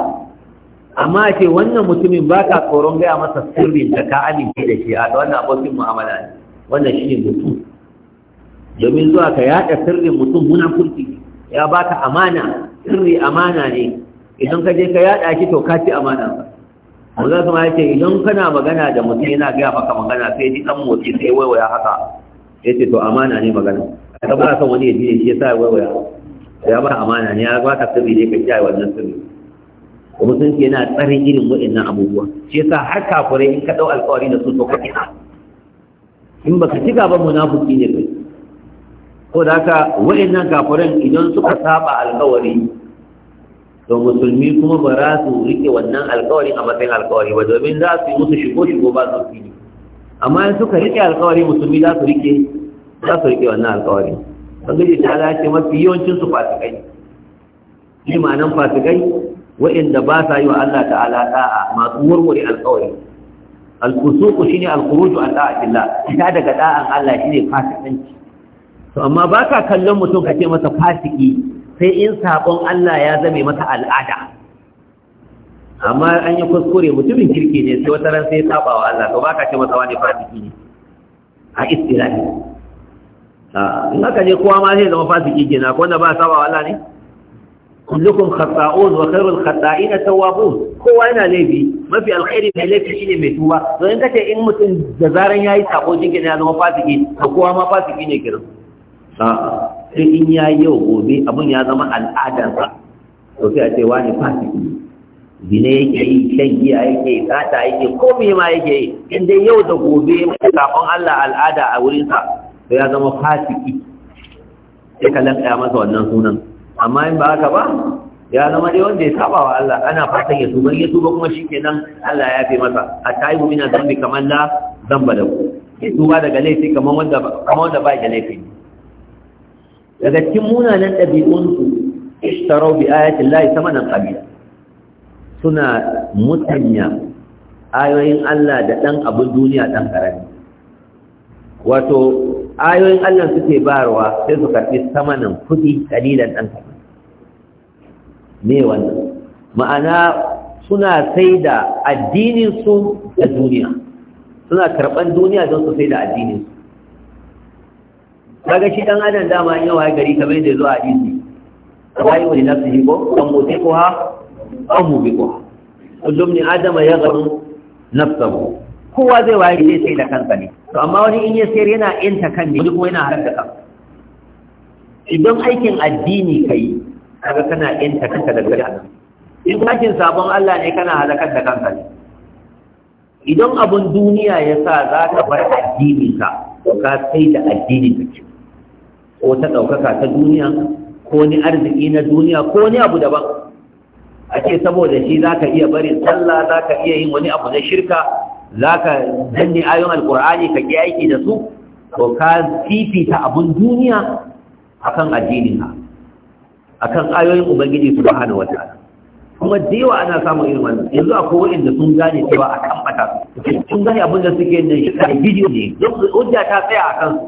amma a ce wannan mutumin ba ka tsoron gaya masa sirrinka ka amince da shi a wannan abokin mu'amala ne wannan shine mutum domin zuwa ka yada sirrin mutum munafurci ya baka amana sirri amana ne idan ka je ka yada shi to ka ci amana ba Allah kuma ya ce idan kana magana da mutum yana gaya maka magana sai ji dan motsi sai waiwaya haka ya ce to amana ne magana ka ba ka wani ya ji shi sai waiwaya ya ba amana ne ya ba ka sirri ne ka ai wannan sirri kuma sun ce yana tsarin irin waɗannan abubuwa shi yasa har kafirai in ka dau alƙawari da su to ka kina in ka cika ba munafiki ne kai ko da haka waɗannan kafiran idan suka saba alƙawari to musulmi kuma ba za su rike wannan alkawari a matsayin alkawari ba domin za su yi musu shigo shigo ba su fili amma in suka rike alkawari musulmi za su rike za su rike wannan alkawari gaji ta dace mafi yawancin su fasikai shi ma'anan fasikai wa'inda ba sa yi wa Allah ta'ala da'a masu warware alkawari alkusuku shine alkuruju an da'atillah ita daga da'an Allah shine fasikanci to amma ba ka kallon mutum ka ce masa fasiki sai in saƙon Allah ya zame mata al'ada amma an yi kuskure mutumin kirki ne sai wata ran sai ya saba wa Allah to baka ce masa wani fasiki ne a istirahi in haka ne kowa ma zai zama fasiki ke na kowanda ba saba wa Allah ne Kullukun khata'un wa khairul khata'ina tawwabun kowa yana laifi mafi alkhairi mai laifi shine mai tuba to in kace in mutum da zaran yayi sabo shi kenan ya zama fasiki to kowa ma fasiki ne kiran a'a sai in ya yi yau gobe abin ya zama al'adarsa to sai a ce wani fasiki Bine yake yi shan giya yake yi, sata yake komai ma yake yi in dai yau da gobe mai kafin Allah al'ada a wurinsa to ya zama fasiki sai ka lanka masa wannan sunan amma in ba haka ba ya zama dai wanda ya saba wa Allah ana fatan ya tuba ya tuba kuma shikenan Allah ya fi masa a tayi mina zambi kamar la zamba da ku ya tuba daga laifi kamar wanda ba ya laifi daga cikin munanan ɗabi'unsu ishtarau bi ayatin lahi samanan ƙabila. suna mutanya ayoyin Allah da ɗan abin duniya ɗan ƙarami wato ayoyin Allah suke bayarwa sai su karɓi samanin kuɗi ƙalilan ɗan ƙarami me wannan ma'ana suna sai da addininsu da duniya suna karɓan duniya don su sai da addininsu Daga shi dan adam dama in yawa gari kamar yadda zuwa hadisi wai wani nafsi ko kan mutu ko ha an mu bi ko kullum ni adam ya garu nafsahu kowa zai waye ne sai da kansa ne to amma wani in ya sayar yana inta kan ne kuma yana harka kan idan aikin addini kai kaga kana inta kanka daga Allah in aikin sabon Allah ne kana halakar da kanka ne idan abun duniya ya sa za ka bar addininka to ka sai da addinin kake ko ta ɗaukaka ta duniya ko ni arziki na duniya ko ni abu daban Ake saboda shi za ka iya bari sallah za ka iya yin wani abu na shirka za ka danne ayon alkur'ani ka ki aiki da su to ka fifita abun duniya akan addinin ka akan ayoyin ubangiji subhanahu wataala kuma da yawa ana samun ilimin yanzu a kowa inda sun gane cewa a kan sun gane abin da suke da shi a bidiyo ne hujja ta tsaya a kansu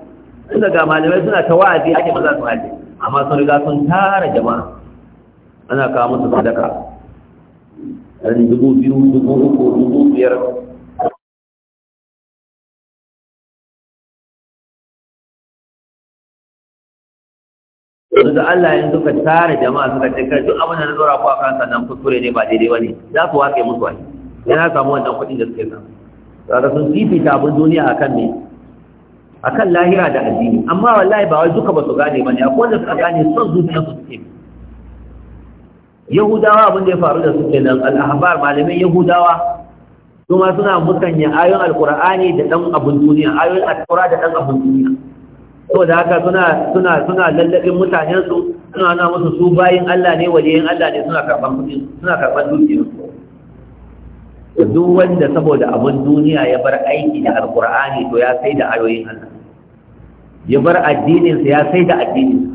inda ga malamai suna ta wa'azi ake maza su wa'azi amma sun riga sun tara jama'a ana kawo musu sadaka ɗari dubu biyu dubu uku dubu biyar yanzu Allah yanzu ka tare jama'a suka ce kai duk abin da na zora ku a kan sannan kuskure ne ba daidai bane za su waƙe musu wani yana samu wannan kuɗin da suke samu saboda sun fifita abin duniya akan a kan lahira da addini amma wallahi ba wai duka ba su gane ba ne akwai wanda suka gane son zuciya su suke yahudawa abin da ya faru da su nan al-ahbar malamai yahudawa kuma suna musanya ayoyin alkur'ani da dan abun duniya ayoyin alkur'ani da dan abun duniya to da haka suna suna suna lallabin mutanen suna na musu su bayin Allah ne waliyin Allah ne suna karban kudi suna karban dukiya duk wanda saboda abin duniya ya bar aiki da alqur'ani to ya sai da ayoyin Allah ya bar addinin ya sai da addinin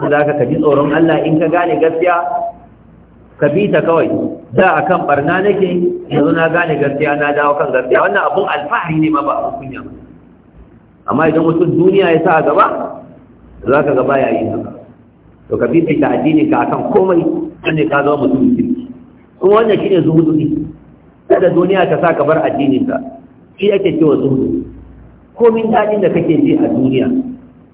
sa haka ka ji tsoron Allah in ka gane gaskiya ka bi ta kawai da akan barna nake yanzu na gane gaskiya na dawo kan gaskiya wannan abun alfahari ne ma ba abin kunya ba amma idan mutum duniya ya sa a gaba za ka gaba ya yi haka to ka fifita addini ka akan komai kan ne ka zama mutum kirki kuma wannan shine zuhudu kada duniya ta sa ka bar addinin ka shi ake cewa zuhudu komin dadin da kake ji a duniya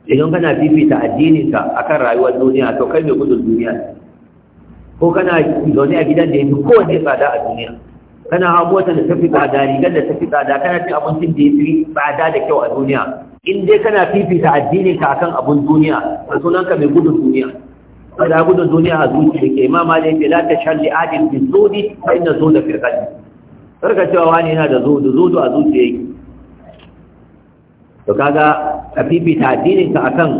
idan kana fifita addinin ka akan rayuwar duniya to kai mai gudun duniya ko kana zaune a gidan da yafi kowanne tsada a duniya kana hawa motar da tafi tsada rigar da tafi tsada kana cin abincin da ya fi tsada da kyau a duniya in dai kana fifita addinin ka akan abun duniya a sunanka mai gudun duniya kada gudun duniya a da ke ma da yake la ta shalli adin bin zodi fa inna zoda fil qalbi sarka cewa wani yana da zodo zodo a ya yake to kaga ka fifita addinin ka akan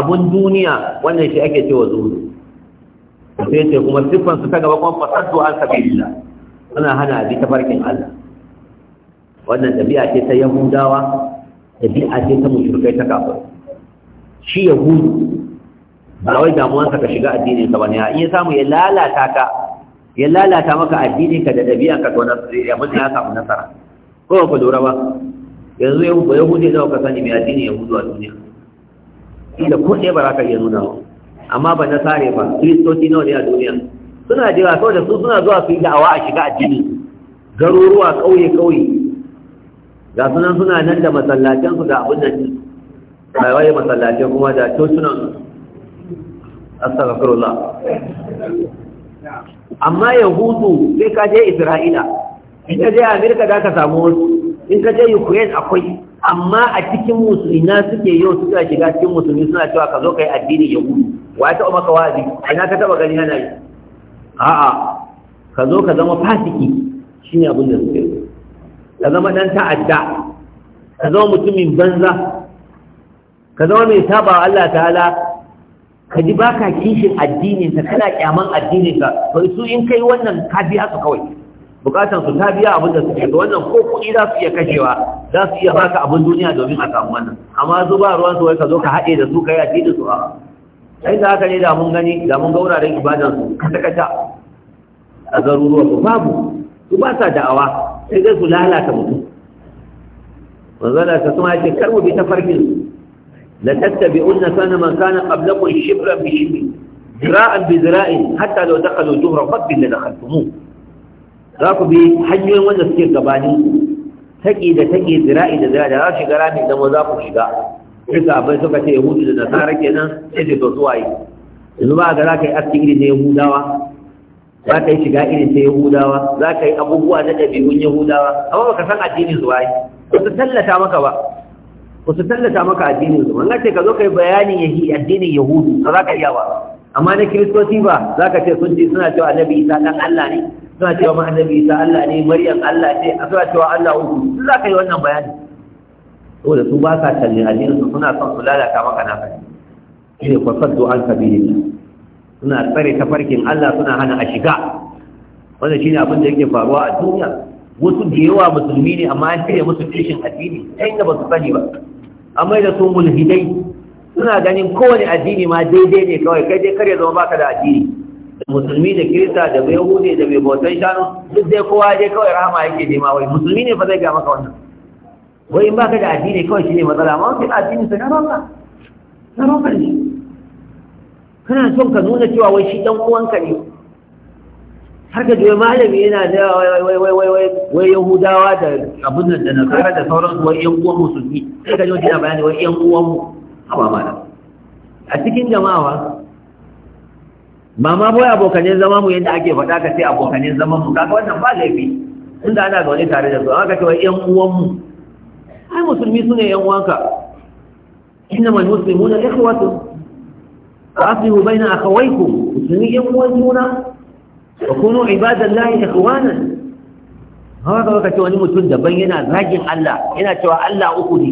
abun duniya wannan shi ake cewa zodo sai ce kuma siffan su ta gaba kuma fasaddu an sabilillah suna hana bi tafarkin Allah wannan tabi'a ce ta yahudawa tabi'a ce ta mushrikai ta kafir shi yahudu ba wai damuwansa ka shiga addinin ka bane iya samu ya lalata ka ya lalata maka addinin ka da dabi'an ka to na ya mutu ya samu nasara ko ku lura ba yanzu ya hudu yahudi ka sani mai addinin yahudu a duniya inda ko ɗaya ba za ka iya nuna ba amma ba nasare ba kiristoci nawa ne a duniya suna jira kawai da su suna zuwa su yi da'awa a shiga addini garuruwa kauye kauye ga sunan suna nan da masallacen su da abin nan mai waye masallacin kuma da cocunan astaghfirullah amma yahudu sai ka je isra'ila in ka je amerika za ka samu wasu in ka je ukraine akwai amma a cikin na suke yau suka shiga cikin musulmi suna cewa ka zo ka yi addini yahudu wa ya taɓa maka wa'azi ina ka taɓa gani yana yi a'a ka zo ka zama fasiki shine abin da suke ka zama dan ta'adda ka zama mutumin banza ka zama mai saba Allah ta'ala ka ji baka kishin addinin ka kana kyaman addinin ka to su in kai wannan ka biya su kawai bukatan su ta biya abin da suke to wannan ko kudi za su iya kashewa za su iya baka abin duniya domin a samu wannan amma su ba ruwan su wai ka zo ka haɗe da su kai addinin su a sai da haka ne da mun gani da mun ga wuraren ibadan su kata kata a garuruwan su babu su ba sa da'awa sai dai su lalata mutum manzala ta kuma ce kar mu bi ta farkin su la tattabi'unna sana man kana qablakum shibra bi shibri zira'an bi zira'in hatta law dakhalu juhra rabbin la dakhaltumuh za ku bi hanyoyin wanda suke gabanin taƙi da taƙi zira'i da zira'i da za su shiga rami zama za ku shiga ga abai suka ce yahudu da nasara kenan sai su to zuwa yi yanzu ba ga za ka yi aski iri na yahudawa za ka yi shiga irin ta yahudawa za ka yi abubuwa na ɗabi'un yahudawa amma baka san addinin su ai ba su tallata maka ba ba su tallata maka addinin su ba ce ka zo ka yi bayanin yahi addinin yahudu ba za ka iya ba amma na kiristoci ba za ka ce sun ce suna cewa annabi isa ɗan allah ne suna cewa ma annabi isa allah ne maryam allah ce a suna cewa allah uku su za ka yi wannan bayani saboda su ba sa tallin addinin su suna son su lalata maka naka ne shine fasaddu an sabilillah suna tsare tafarkin Allah suna hana a shiga wanda shi ne abin da yake faruwa a duniya wasu da yawa musulmi ne amma an shirya musu tushen addini ta inda ba su sani ba amma da su mulhidai suna ganin kowane addini ma daidai ne kawai kai dai kare zama baka da addini musulmi da kirista da bai hude da mai bautan shanu duk dai kowa dai kawai rahama yake nema wai musulmi ne fa zai ga maka wannan wai in baka da addini kawai shine matsala amma wani addini sai na roƙa na roƙa ne kana son ka nuna cewa wai shi dan uwanka ne har ka je malami yana da wai wai wai wai wai wai yahudawa da abun nan da nasara da sauran wai yan uwan musulmi sai ka je wajen bayani wai yan uwan mu haba da a cikin jama'a ba ma boye abokanin zama mu yadda ake faɗa ka sai abokanin zaman mu kaga wannan ba laifi inda ana ga wani tare da su ka ce wai yan uwan mu ai musulmi sune yan uwanka innamal muslimuna ikhwatu وأصلحوا بين أخويكم مسلمين وجونا وكونوا عباد الله إخوانا هذا وقت wani mutum daban yana zagin Allah yana cewa Allah uku ne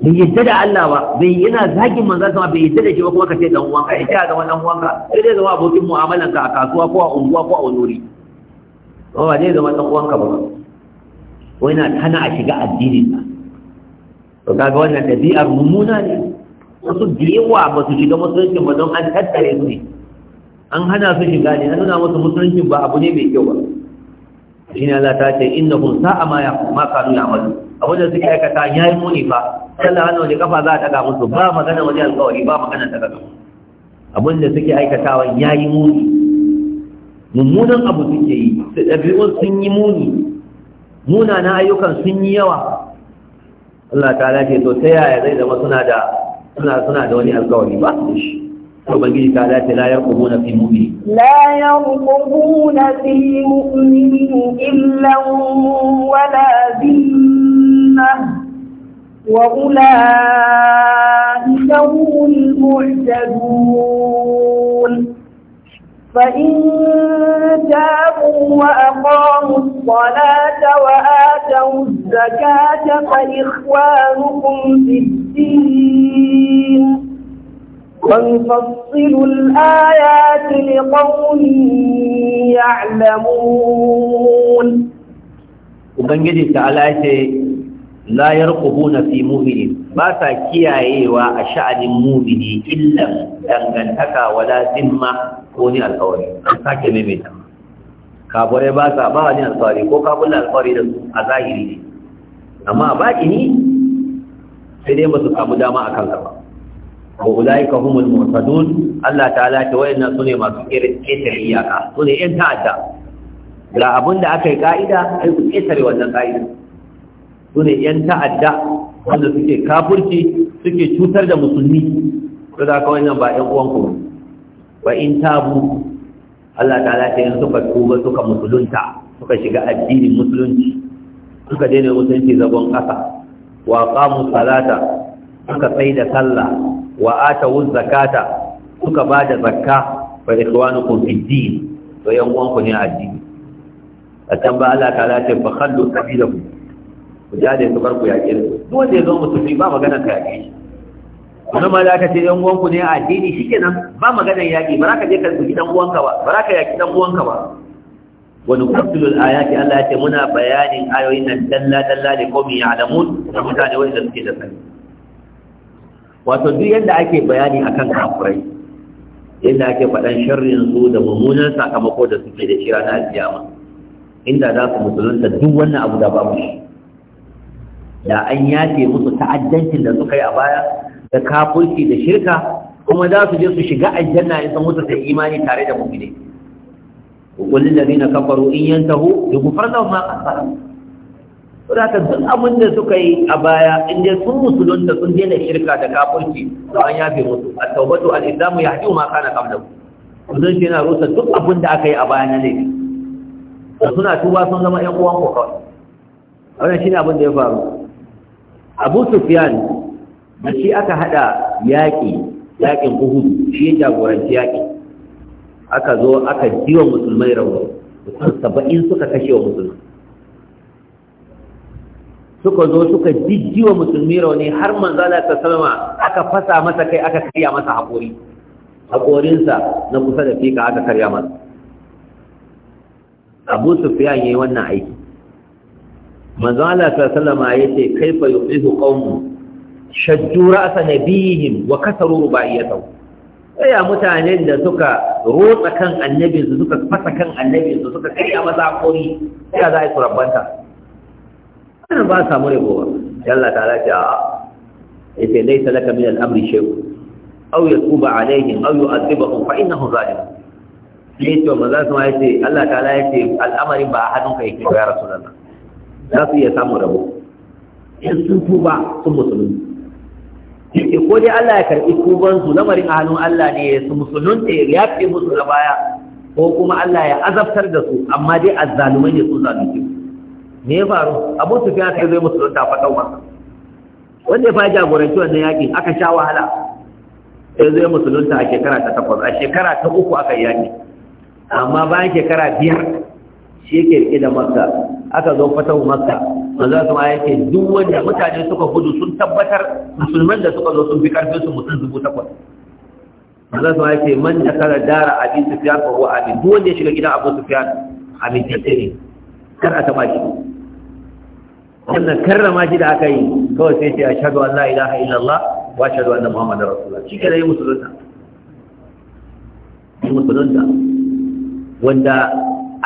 bai yadda da Allah ba yana zagin manzon sama bai yadda da shi ba kuma kace dan uwanka ya ta zama dan uwanka sai dai zama abokin mu'amalan ka a kasuwa ko a unguwa ko a wani ba zai zama dan uwanka ba wai tana a shiga addinin ka to kaga wannan dabi'ar mummuna ne wasu da yawa ba su shiga musulunci ba don an tattare su ne an hana su shiga ne an nuna musu musulunci ba abu ne mai kyau ba shi ne Allah ta ce inda kun sa'a ma ya ma kanu ya amalu abin da suke aikata ya yi muni fa sallah hannu wani kafa za a daga musu ba magana wani alkawari ba magana ta gaba abin da suke aikatawa ya yi muni mummunan abu suke yi su ɗabi'un sun yi muni munana ayyukan sun yi yawa Allah ta ce to ta yaya zai zama suna da أنا أصنع دوني القولي بأخش لو بلقي لي لا يرقبون في مؤمن لا يرقبون في مؤمن إلا ولا ذنة وأولئك هم المعتدون فإن تابوا وأقاموا الصلاة وآتوا الزكاة فإخوانكم في الدين ونفصل الآيات لقوم يعلمون Ubangiji ta'ala ce la yarqubuna fi mu'minin ba ta kiyayewa a sha'anin mu'mini illan dangantaka wala zimma ko ni alƙawari an sake maimaita kafirai ba sa ba ni alƙawari ko ka alkawari da su a zahiri ne, amma a ni. sai dai ba su samu dama a kansa ba wa ulaika humul muhtadun Allah ta'ala ta wayannan sune masu ƙetare iyaka sune yan ta'adda ga abin da aka yi ka'ida ai ku ƙetare wannan ka'ida sune yan ta'adda wanda suke kafurci suke cutar da musulmi ko da ka wannan ba yan uwan ku ba in tabu Allah ta'ala ta yanzu ka tuba suka musulunta suka shiga addinin musulunci suka daina musulunci zagon ƙasa wa qamu salata suka tsai da sallah wa atawu zakata suka bada zakka fa ikhwanukum fid din to yan uwan ku ne addini a can ba Allah ta'ala ce fa khallu sabilakum ku jade su barku yaƙe su duk wanda ya zo musulmi ba magana ka yaƙe shi kuma ma za ka ce yan uwan ku ne addini shikenan ba magana yaƙi ba za ka je ka zuki dan uwanka ba ba za ka yaƙi dan uwanka ba wani kwaftulul ayati Allah ya ce muna bayanin ayoyin nan dalla-dalla da komi ya alamun da mutane wanda suke da sani wato duk yadda ake bayani kan kafurai yadda ake faɗan sharrin su da mummunan sakamako da suke da shi ranar alkiyama inda za su musulunta duk wannan abu da babu shi da an yace musu ta'addancin da suka yi a baya da kafurci da shirka kuma za su je su shiga aljanna in san mutu imani tare da mu'mini وقل للذين كفروا إن ينتهوا يغفر لهم ma قد سلف saboda sun abin da suka yi a baya sun musu sun da sun daina shirka da kafirci to an yafe musu a taubatu al-islamu yahdi ma kana su zan shi yana rusa duk abin da aka yi a baya na laifi da suna tuba sun zama ƴan uwan ku kawai wannan shine abin da ya faru Abu Sufyan da shi aka hada yaƙi yaƙin Uhudu shi ya jagoranci yaƙi aka zo aka jiwa musulmai rauni mutum saba'in suka kashe wa musulmai suka zo suka jijjiwa musulmi rauni har manzala ta salama aka fasa masa kai aka karya masa haƙori haƙorinsa na kusa da fika aka karya masa abu sufiyan ya yi wannan aiki manzala ta salama ya ce kaifa yuqihu qaumun shajjura ra'sa nabiyihim wa kasaru rubaiyatahu tsaya mutanen da suka rotsa kan annabinsu suka fasa kan annabinsu suka karya maza kori ya za a yi su rabbanta wannan ba samu rabo ba yalla ta lafi a yace laysa laka min al-amri shay'u aw yatuba alaihim aw yu'adhibahum fa innahum zalimun sai to maza su ma yace Allah lafi yace al'amarin ba a ka yake ba ya nan za su iya samu rabo yan sun tuba sun musulmi yake ko dai Allah ya karɓi tubansu lamarin a Allah ne su musulunta ya yafe musu a baya ko kuma Allah ya azabtar da su amma dai azzalumai ne su zalunci me ya faru Abu Sufyan sai zai musulun ta faɗau ba, wanda ya fa jagoranci wannan yakin aka sha wahala sai zai musulun ta a shekara ta takwas a shekara ta uku aka yaki amma bayan shekara biyar shi yake rike da Makka aka zo fatan Makka manzo kuma yake duk wanda mutane suka gudu sun tabbatar musulman da suka zo sun fi karfin su mutum dubu takwas manzo kuma yake man da kara dara abin sufiyan ko wa abin duk wanda ya shiga gidan abu sufyan abin ne kar a taba shi wannan karrama shi da aka yi kawai sai ce a ashhadu an la ilaha Allah, wa an da Muhammadu rasulullah shi da yi musulunta musulunta wanda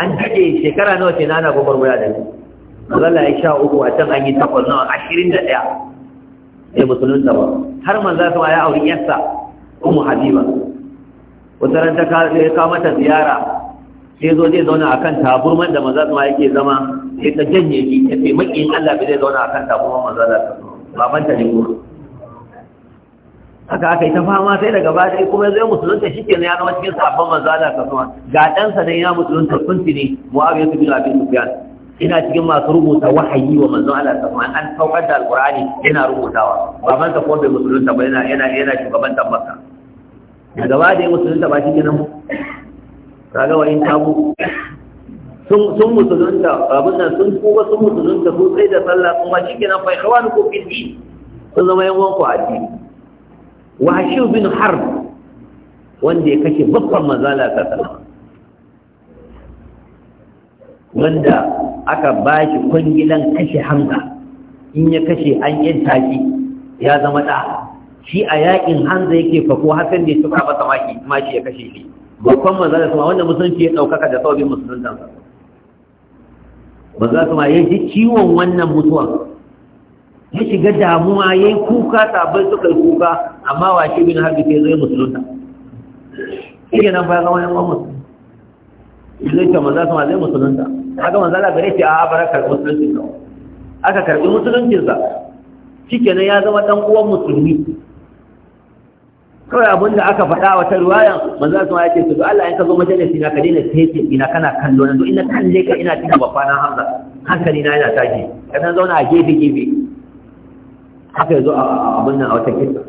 an daɗe shekara nawa ce na ana gwagwarmaya da ni zala ya sha uku a can an yi takwas nawa ashirin da ɗaya ya musulunta ba har manza sama ya auri yasa umu habiba wata ran ta kawo mata ziyara sai zo zai zauna akan taburman da maza sama yake zama sai ta janye shi ta fi maƙin Allah bai zai zauna akan taburman manza da ta babanta ne kuma haka aka yi ta fama sai daga baya sai kuma zai musulunta shi ke ya zama cikin sabon maza da ta ga ɗansa ne ya musulunta kunti ne mu'awiyatu bin abin sufyan ina cikin masu rubuta wahayi wa manzon Allah sallallahu an saukar da alqur'ani yana rubutawa baban sa ko bai musulunta ba yana yana yana shugaban tabbaka Da gaba da musulunta ba shi kenan kaga wa in tabu sun sun musulunta abin nan sun kuma sun musulunta sun sai da sallah kuma shi kenan fa ikhwanukum fil din sun zama yan uwan ku a addini wa hashu bin harb wanda ya kashe babban manzon Allah sallallahu alaihi wanda aka ba shi kwangilan kashe hamza in ya kashe an yin taki ya zama da shi a yaƙin hamza yake fako hakan ne suka ba samaki, ma shi ya kashe shi babban maza da sama wanda musulunci ya ɗaukaka da sauƙin musuluntan sa maza sama ya ji ciwon wannan mutuwan ya shiga damuwa ya yi kuka sabai suka yi kuka amma wa shi bin harbi sai zai musulunta shi nan bayan wani wani musulunta zai ce maza ma zai musulunta kaga manzo Allah gare shi a barakar musulunci ka aka karbi musuluncin sa shikenan ya zama dan uwan musulmi kawai abin da aka faɗa wata ruwayan manzo Allah ya ce to Allah in ka zo majalisi na ka daina tafi ina kana kallo nan to ina kalle ka ina tuna babba na Hamza hankali na yana tashi kana zauna a gefe gefe haka yazo abin nan a wata kisa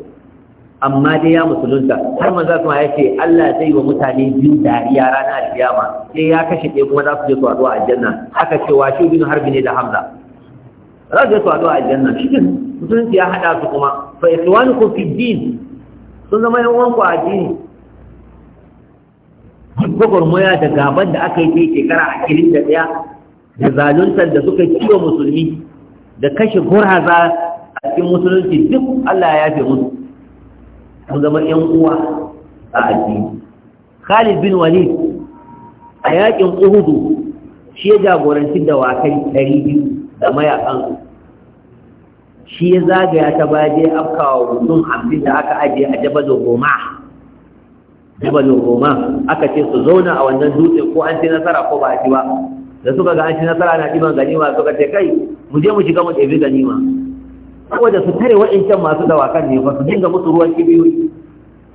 amma dai ya musulunta har manzo kuma ya ce Allah zai wa mutane biyu dariya rana da alkiyama sai ya kashe ɗaya kuma za su je su haɗu a aljanna haka cewa shi bin harbi ne da hamza za su je su haɗu a aljanna shi musulunci ya haɗa su kuma fa ikhwanukum fi din sun zama yan ku a addini gwagwarmaya da gaban da aka yi ta shekara kirin da ɗaya da zaluntar da suka kiwa musulmi da kashe gurhaza a cikin musulunci duk Allah ya yafe musu mun zama yan uwa a addini Khalid bin Walid a yakin Uhudu shi ya jagoranci dawakai biyu da mayakan shi ya zagaya ta baje afkawa mutum hamsin da aka ajiye a jabalin goma jabalin goma aka ce su zauna a wannan dutse ko an ce nasara ko ba a ci ba da suka ga an ci nasara na ɗiban ganima suka ce kai mu je mu shiga mu ɗebi ganima saboda su tare wa'incan masu dawakan ne ba su dinga musu ruwan kibiyoyi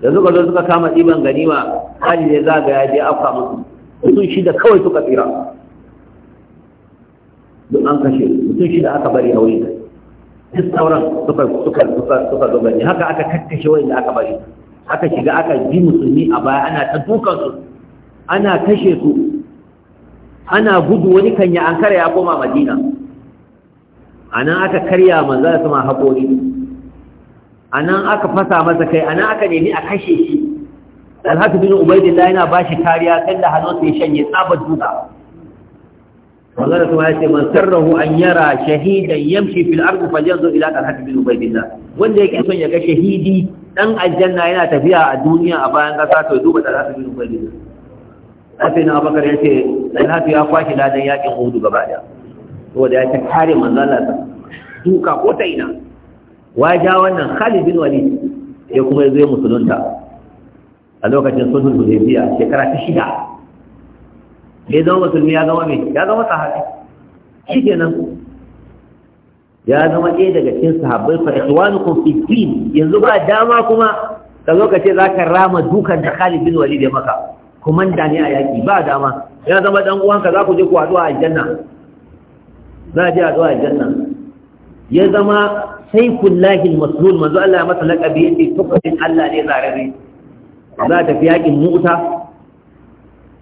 da suka zo suka kama ɗiban ganima hali ne za ga yaje afka musu mutum shida kawai suka tsira duk an kashe mutum shida aka bari a wurin duk sauran suka suka suka suka zo gani haka aka kakkashe wanda aka bari aka shiga aka bi musulmi a baya ana ta dukan su ana kashe su ana gudu wani kan ya ankara ya koma madina a nan aka karya manzan sama haƙori a nan aka fasa masa kai a nan aka nemi a kashe shi alhaka bin ubaidillah yana bashi kariya kan da hannunsa ya shanye tsabar duka manzan sama ya ce man sarrahu an yara shahidan yamshi fil ardu yanzu, ila alhaka bin ubaidillah wanda yake son ya ga shahidi dan aljanna yana tafiya a duniya a bayan kasa to duba da alhaka bin ubaidillah sai na abakar ya ce alhaka ya kwashi ladan yakin hudu gaba daya saboda ya ta kare manzala ta duka ko ta ina waja wannan Khalid bin Walid ya kuma ya zo musulunta a lokacin sunan hudaybiya shekara ta shida ya zama musulmi ya zama me ya zama sahabi nan ya zama ɗaya daga cikin sahabbai fa ikhwanukum fi din yanzu ba dama kuma ka zo ka ce za ka rama dukan da Khalid bin Walid ya maka kuma da ne a yaki ba dama ya zama dan uwanka za ku je ku haɗu a aljanna za a je a zuwa janna ya zama kullahi maslul manzo Allah ya masa laqabi yake tukurin Allah ne zarare za ta fi yakin mu'ta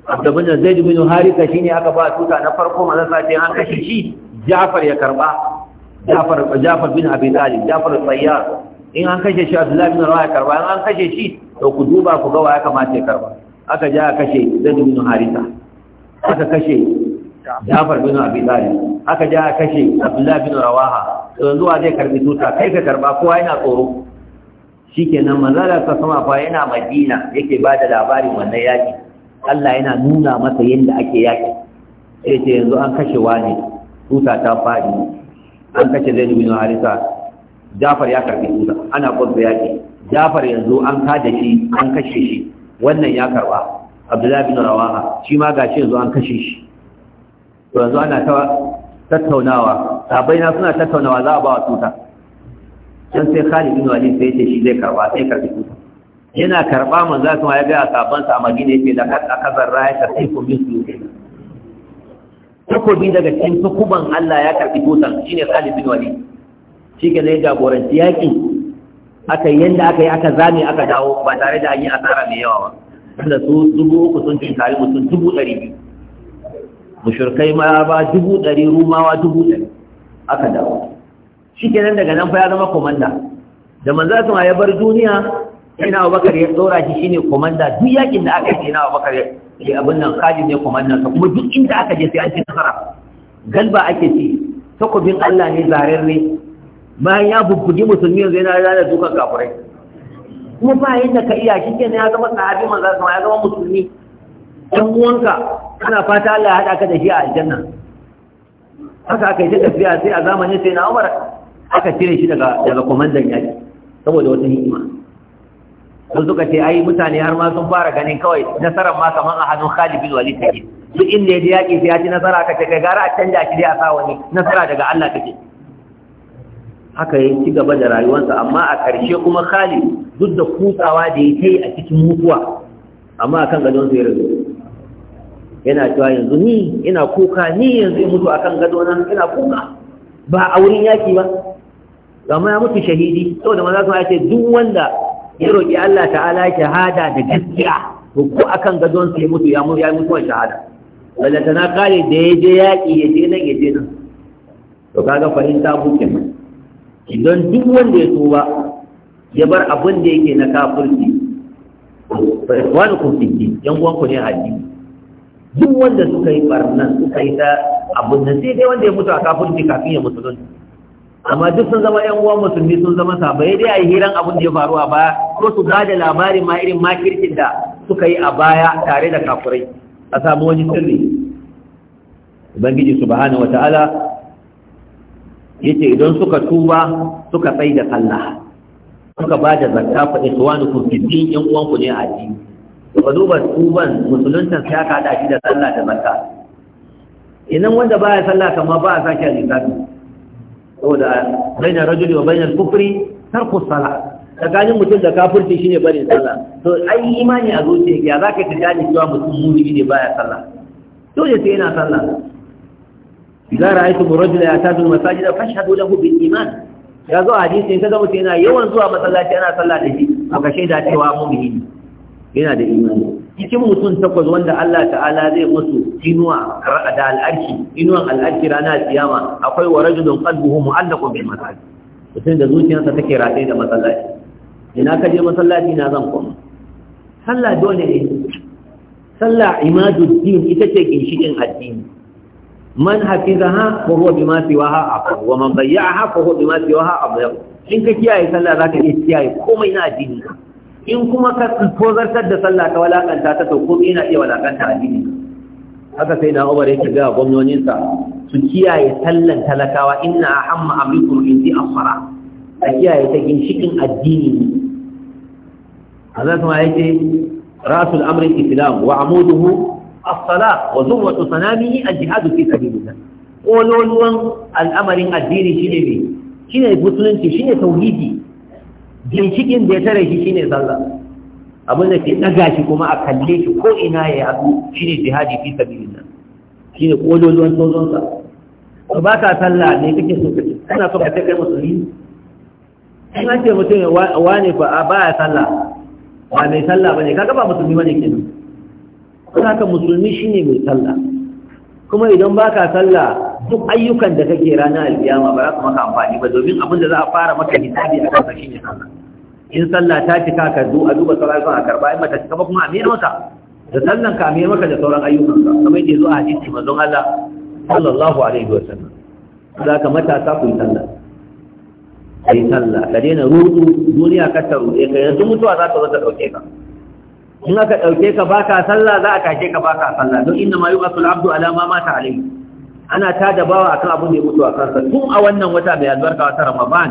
Abdullah bin Zaid bin Harika shine aka ba tuta na farko manzo sa ce an kashe shi Ja'far ya karba Ja'far Ja'far bin Abi Talib Ja'far Sayyar in an kashe shi Abdullah bin Rawaha karba in an kashe shi to ku duba ku ga wa ya kamata ya karba aka ja kashe Zaid bin Harika aka kashe Jafar bin Abi Talib aka ja kashe Abdullah bin Rawaha to yanzu zai karbi tuta kai ka karba kowa yana tsoro shikenan manzala ta sama fa yana Madina yake bada labarin wannan yaki Allah yana nuna masa yadda ake yaki sai ce yanzu an kashe wani tuta ta fadi an kashe Zaid bin Harisa Jafar ya karbi tuta ana gobe yaki Jafar yanzu an kada shi an kashe shi wannan ya karba Abdullah bin Rawaha shi ma gashi yanzu an kashe shi to yanzu ana ta tattaunawa sabai na suna tattaunawa za a ba wa tuta dan sai Khalid bin Walid sai ce shi zai karba sai karbi tuta yana karba su kuma ya ga sabon sa Madina yake da kad ta ra'ayta bi su suluki takobi daga cikin tukuban Allah ya karbi tutan shine Khalid bin Walid shi ke zai jagoranci yaƙi aka yi yadda aka yi aka zame aka dawo ba tare da an yi asara mai yawa ba wanda su dubu uku sun ce tare mutum dubu ɗari biyu mushrikai ma ba dubu ɗari rumawa dubu ɗari aka dawo shi kenan daga nan fa ya zama komanda da manzo sama ya bar duniya ina bakar ya tsora shi shine komanda duk yakin da aka yi ina bakar ya abin nan kaji ne komanda sa kuma duk inda aka je sai an ci nasara galba ake ci takobin Allah ne ne. bayan ya bubbuge musulmi yanzu yana da dukan kafirai kuma ba yadda ka iya shi kenan ya zama sahabi manzo sama ya zama musulmi ɗan uwanka ana fata Allah ya haɗa ka da shi a aljanna haka aka yi ta tafiya sai a zamanin sai na umar aka cire shi daga daga komandan yaki saboda wata hikima sun suka ce ai mutane har ma sun fara ganin kawai nasarar ma kamar a hannun Khalid bin Walid take duk inda ya je yaki sai ya ci nasara ka ce kai gara a canja shi dai a sa wani nasara daga Allah take haka ya ci gaba da rayuwarsa amma a ƙarshe kuma Khalid duk da kutsawa da ya ke a cikin mutuwa amma akan gadon sai ya rasu yana cewa yanzu ni ina kuka ni yanzu in mutu akan gado nan ina kuka ba a wurin yaki ba amma ya mutu shahidi saboda maza sun ce duk wanda ya roƙi Allah ta'ala shahada da gaskiya to ko akan gadon ya mutu ya mutu ya mutu shahada wanda tana kare da ya je yaki, ya je nan ya je nan to kaga fahimta bukin idan duk wanda ya tuba ya bar abin da yake na kafirci wani kun fiti yan uwan ku ne addini duk wanda suka yi barna suka yi ta abun da sai dai wanda ya mutu a kafirci kafin ya musulunci amma duk sun zama yan uwan musulmi sun zama sabai dai a yi hiran abun da ya faru a baya ko su ba da labarin ma irin makircin da suka yi a baya tare da kafurai a samu wani sirri ubangiji subhanahu wataala yace idan suka tuba suka tsai da sallah suka ba da zakka fa iswanukum fi din yan uwanku ne a addini ka duba tuban musulunta ya kada shi da sallah da zakka idan wanda baya sallah kamar ba a sake lissafi saboda baina rajuli wa baina kufri tarku sala tsakanin mutum da kafirci shine barin sallah to ai imani a zuciya ya zaka ka gane cewa mutum muridi ne baya sallah dole sai yana sallah idza ra'aytum rajula yatadu masajida fashhadu lahu bil iman ya zo hadisi in da mutum yana yawan zuwa masallaci yana sallah da shi aka shaida cewa mu'mini yana da imani cikin mutum takwas wanda Allah ta'ala zai musu inuwa da al'arki inuwan al'arki rana siyama akwai wa rajulun qalbuhu mu'allaqun bil masajid mutum da zuciyarsa take rataye da masallaci ina ka je masallaci na zan koma sallah dole ne sallah din ita ce ginshikin addini man hafizaha wa huwa bima siwaha afdal wa man dayya'aha fa huwa bima siwaha afdal in ka kiyaye sallah zaka iya kiyaye komai na addini ka in kuma ka tozartar da sallah ka walakanta ta to kuma yana iya walakanta addini haka sai na Umar yake ga gwamnoninsa su kiyaye sallan talakawa inna ahamma amrikum ji asfara a kiyaye ta ginshikin addini ne Allah kuma yake rasul amri islam wa amuduhu as-salah wa zumratu sanamihi al-jihad fi sabilillah kololuwan al'amarin addini shine ne shine musulunci shine tauhidi ginshikin da ya tare shi shine sallah abin da ke daga shi kuma a kalle shi ko ina ya shi shine jihadi fi sabilillah shine kololuwan tozon sa to ba ka sallah ne kake so kace kana so ka ce kai musulmi ina ce mutum wane ba ba ya sallah ba mai sallah bane kaga ba musulmi bane kenan kuma ka musulmi shine mai sallah kuma idan baka sallah duk ayyukan da kake rana alkiyama ba za su maka amfani ba domin abin da za a fara maka hisabi a kansa shine sallah in sallah ta cika ka zo a duba sallah a karba in mata cika ba kuma a mayar maka da sallan ka mayar maka da sauran ayyukan ka kamar yadda zuwa hadisi manzon Allah sallallahu alaihi wa sallam za ka matasa ku yi sallah kai sallah ka daina rudu duniya ka taru eh kai yanzu mutuwa za ta zo ta dauke ka in aka ɗauke ka baka sallah za a tashe ka baka sallah don inna ma yubasul abdu alama ma mata alai. ana ta bawa akan abin da ya mutu a kansa tun a wannan wata mai albarka wata ramadan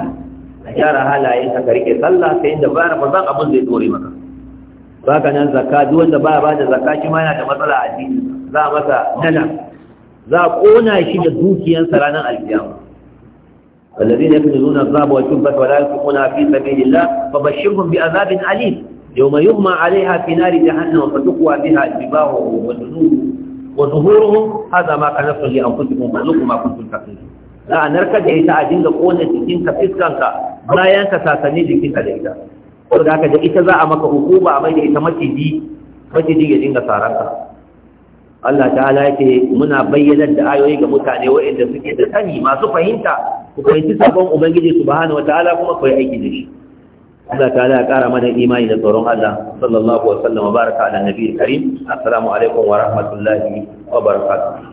a gyara halayen ka rike sallah sai inda ba ramadan abin zai dore maka baka nan zakka duk wanda ba ba da zakka shi ma yana da matsala a addini za a masa nana za a kona shi da dukiyansa ranar alkiyama والذين يكنزون الذهب والفضة ولا ينفقونها في سبيل الله فبشرهم بعذاب أليم يوم يغمى عليها في نار جهنم فتقوى بها جباههم وجنوبهم وظهورهم هذا ما كنفتم لأنفسكم فذوقوا ما كنتم تكذبون za a narka da ita a dinga kone jikinka fiskanka bayanka sasanni jikinka da ita sau da haka da ita za a maka hukuma a bai da ita maciji maciji ya dinga saranka Allah ta'ala yake muna bayyanar da ayoyi ga mutane waɗanda suke da sani masu fahimta ku fahimci sabon ubangiji subhanahu wataala kuma ku yi aiki da shi Allah ta ya ƙara mana imani da tsoron Allah sallallahu alaihi wa sallam wa baraka ala nabiyil karim assalamu alaikum wa rahmatullahi wa barakatuh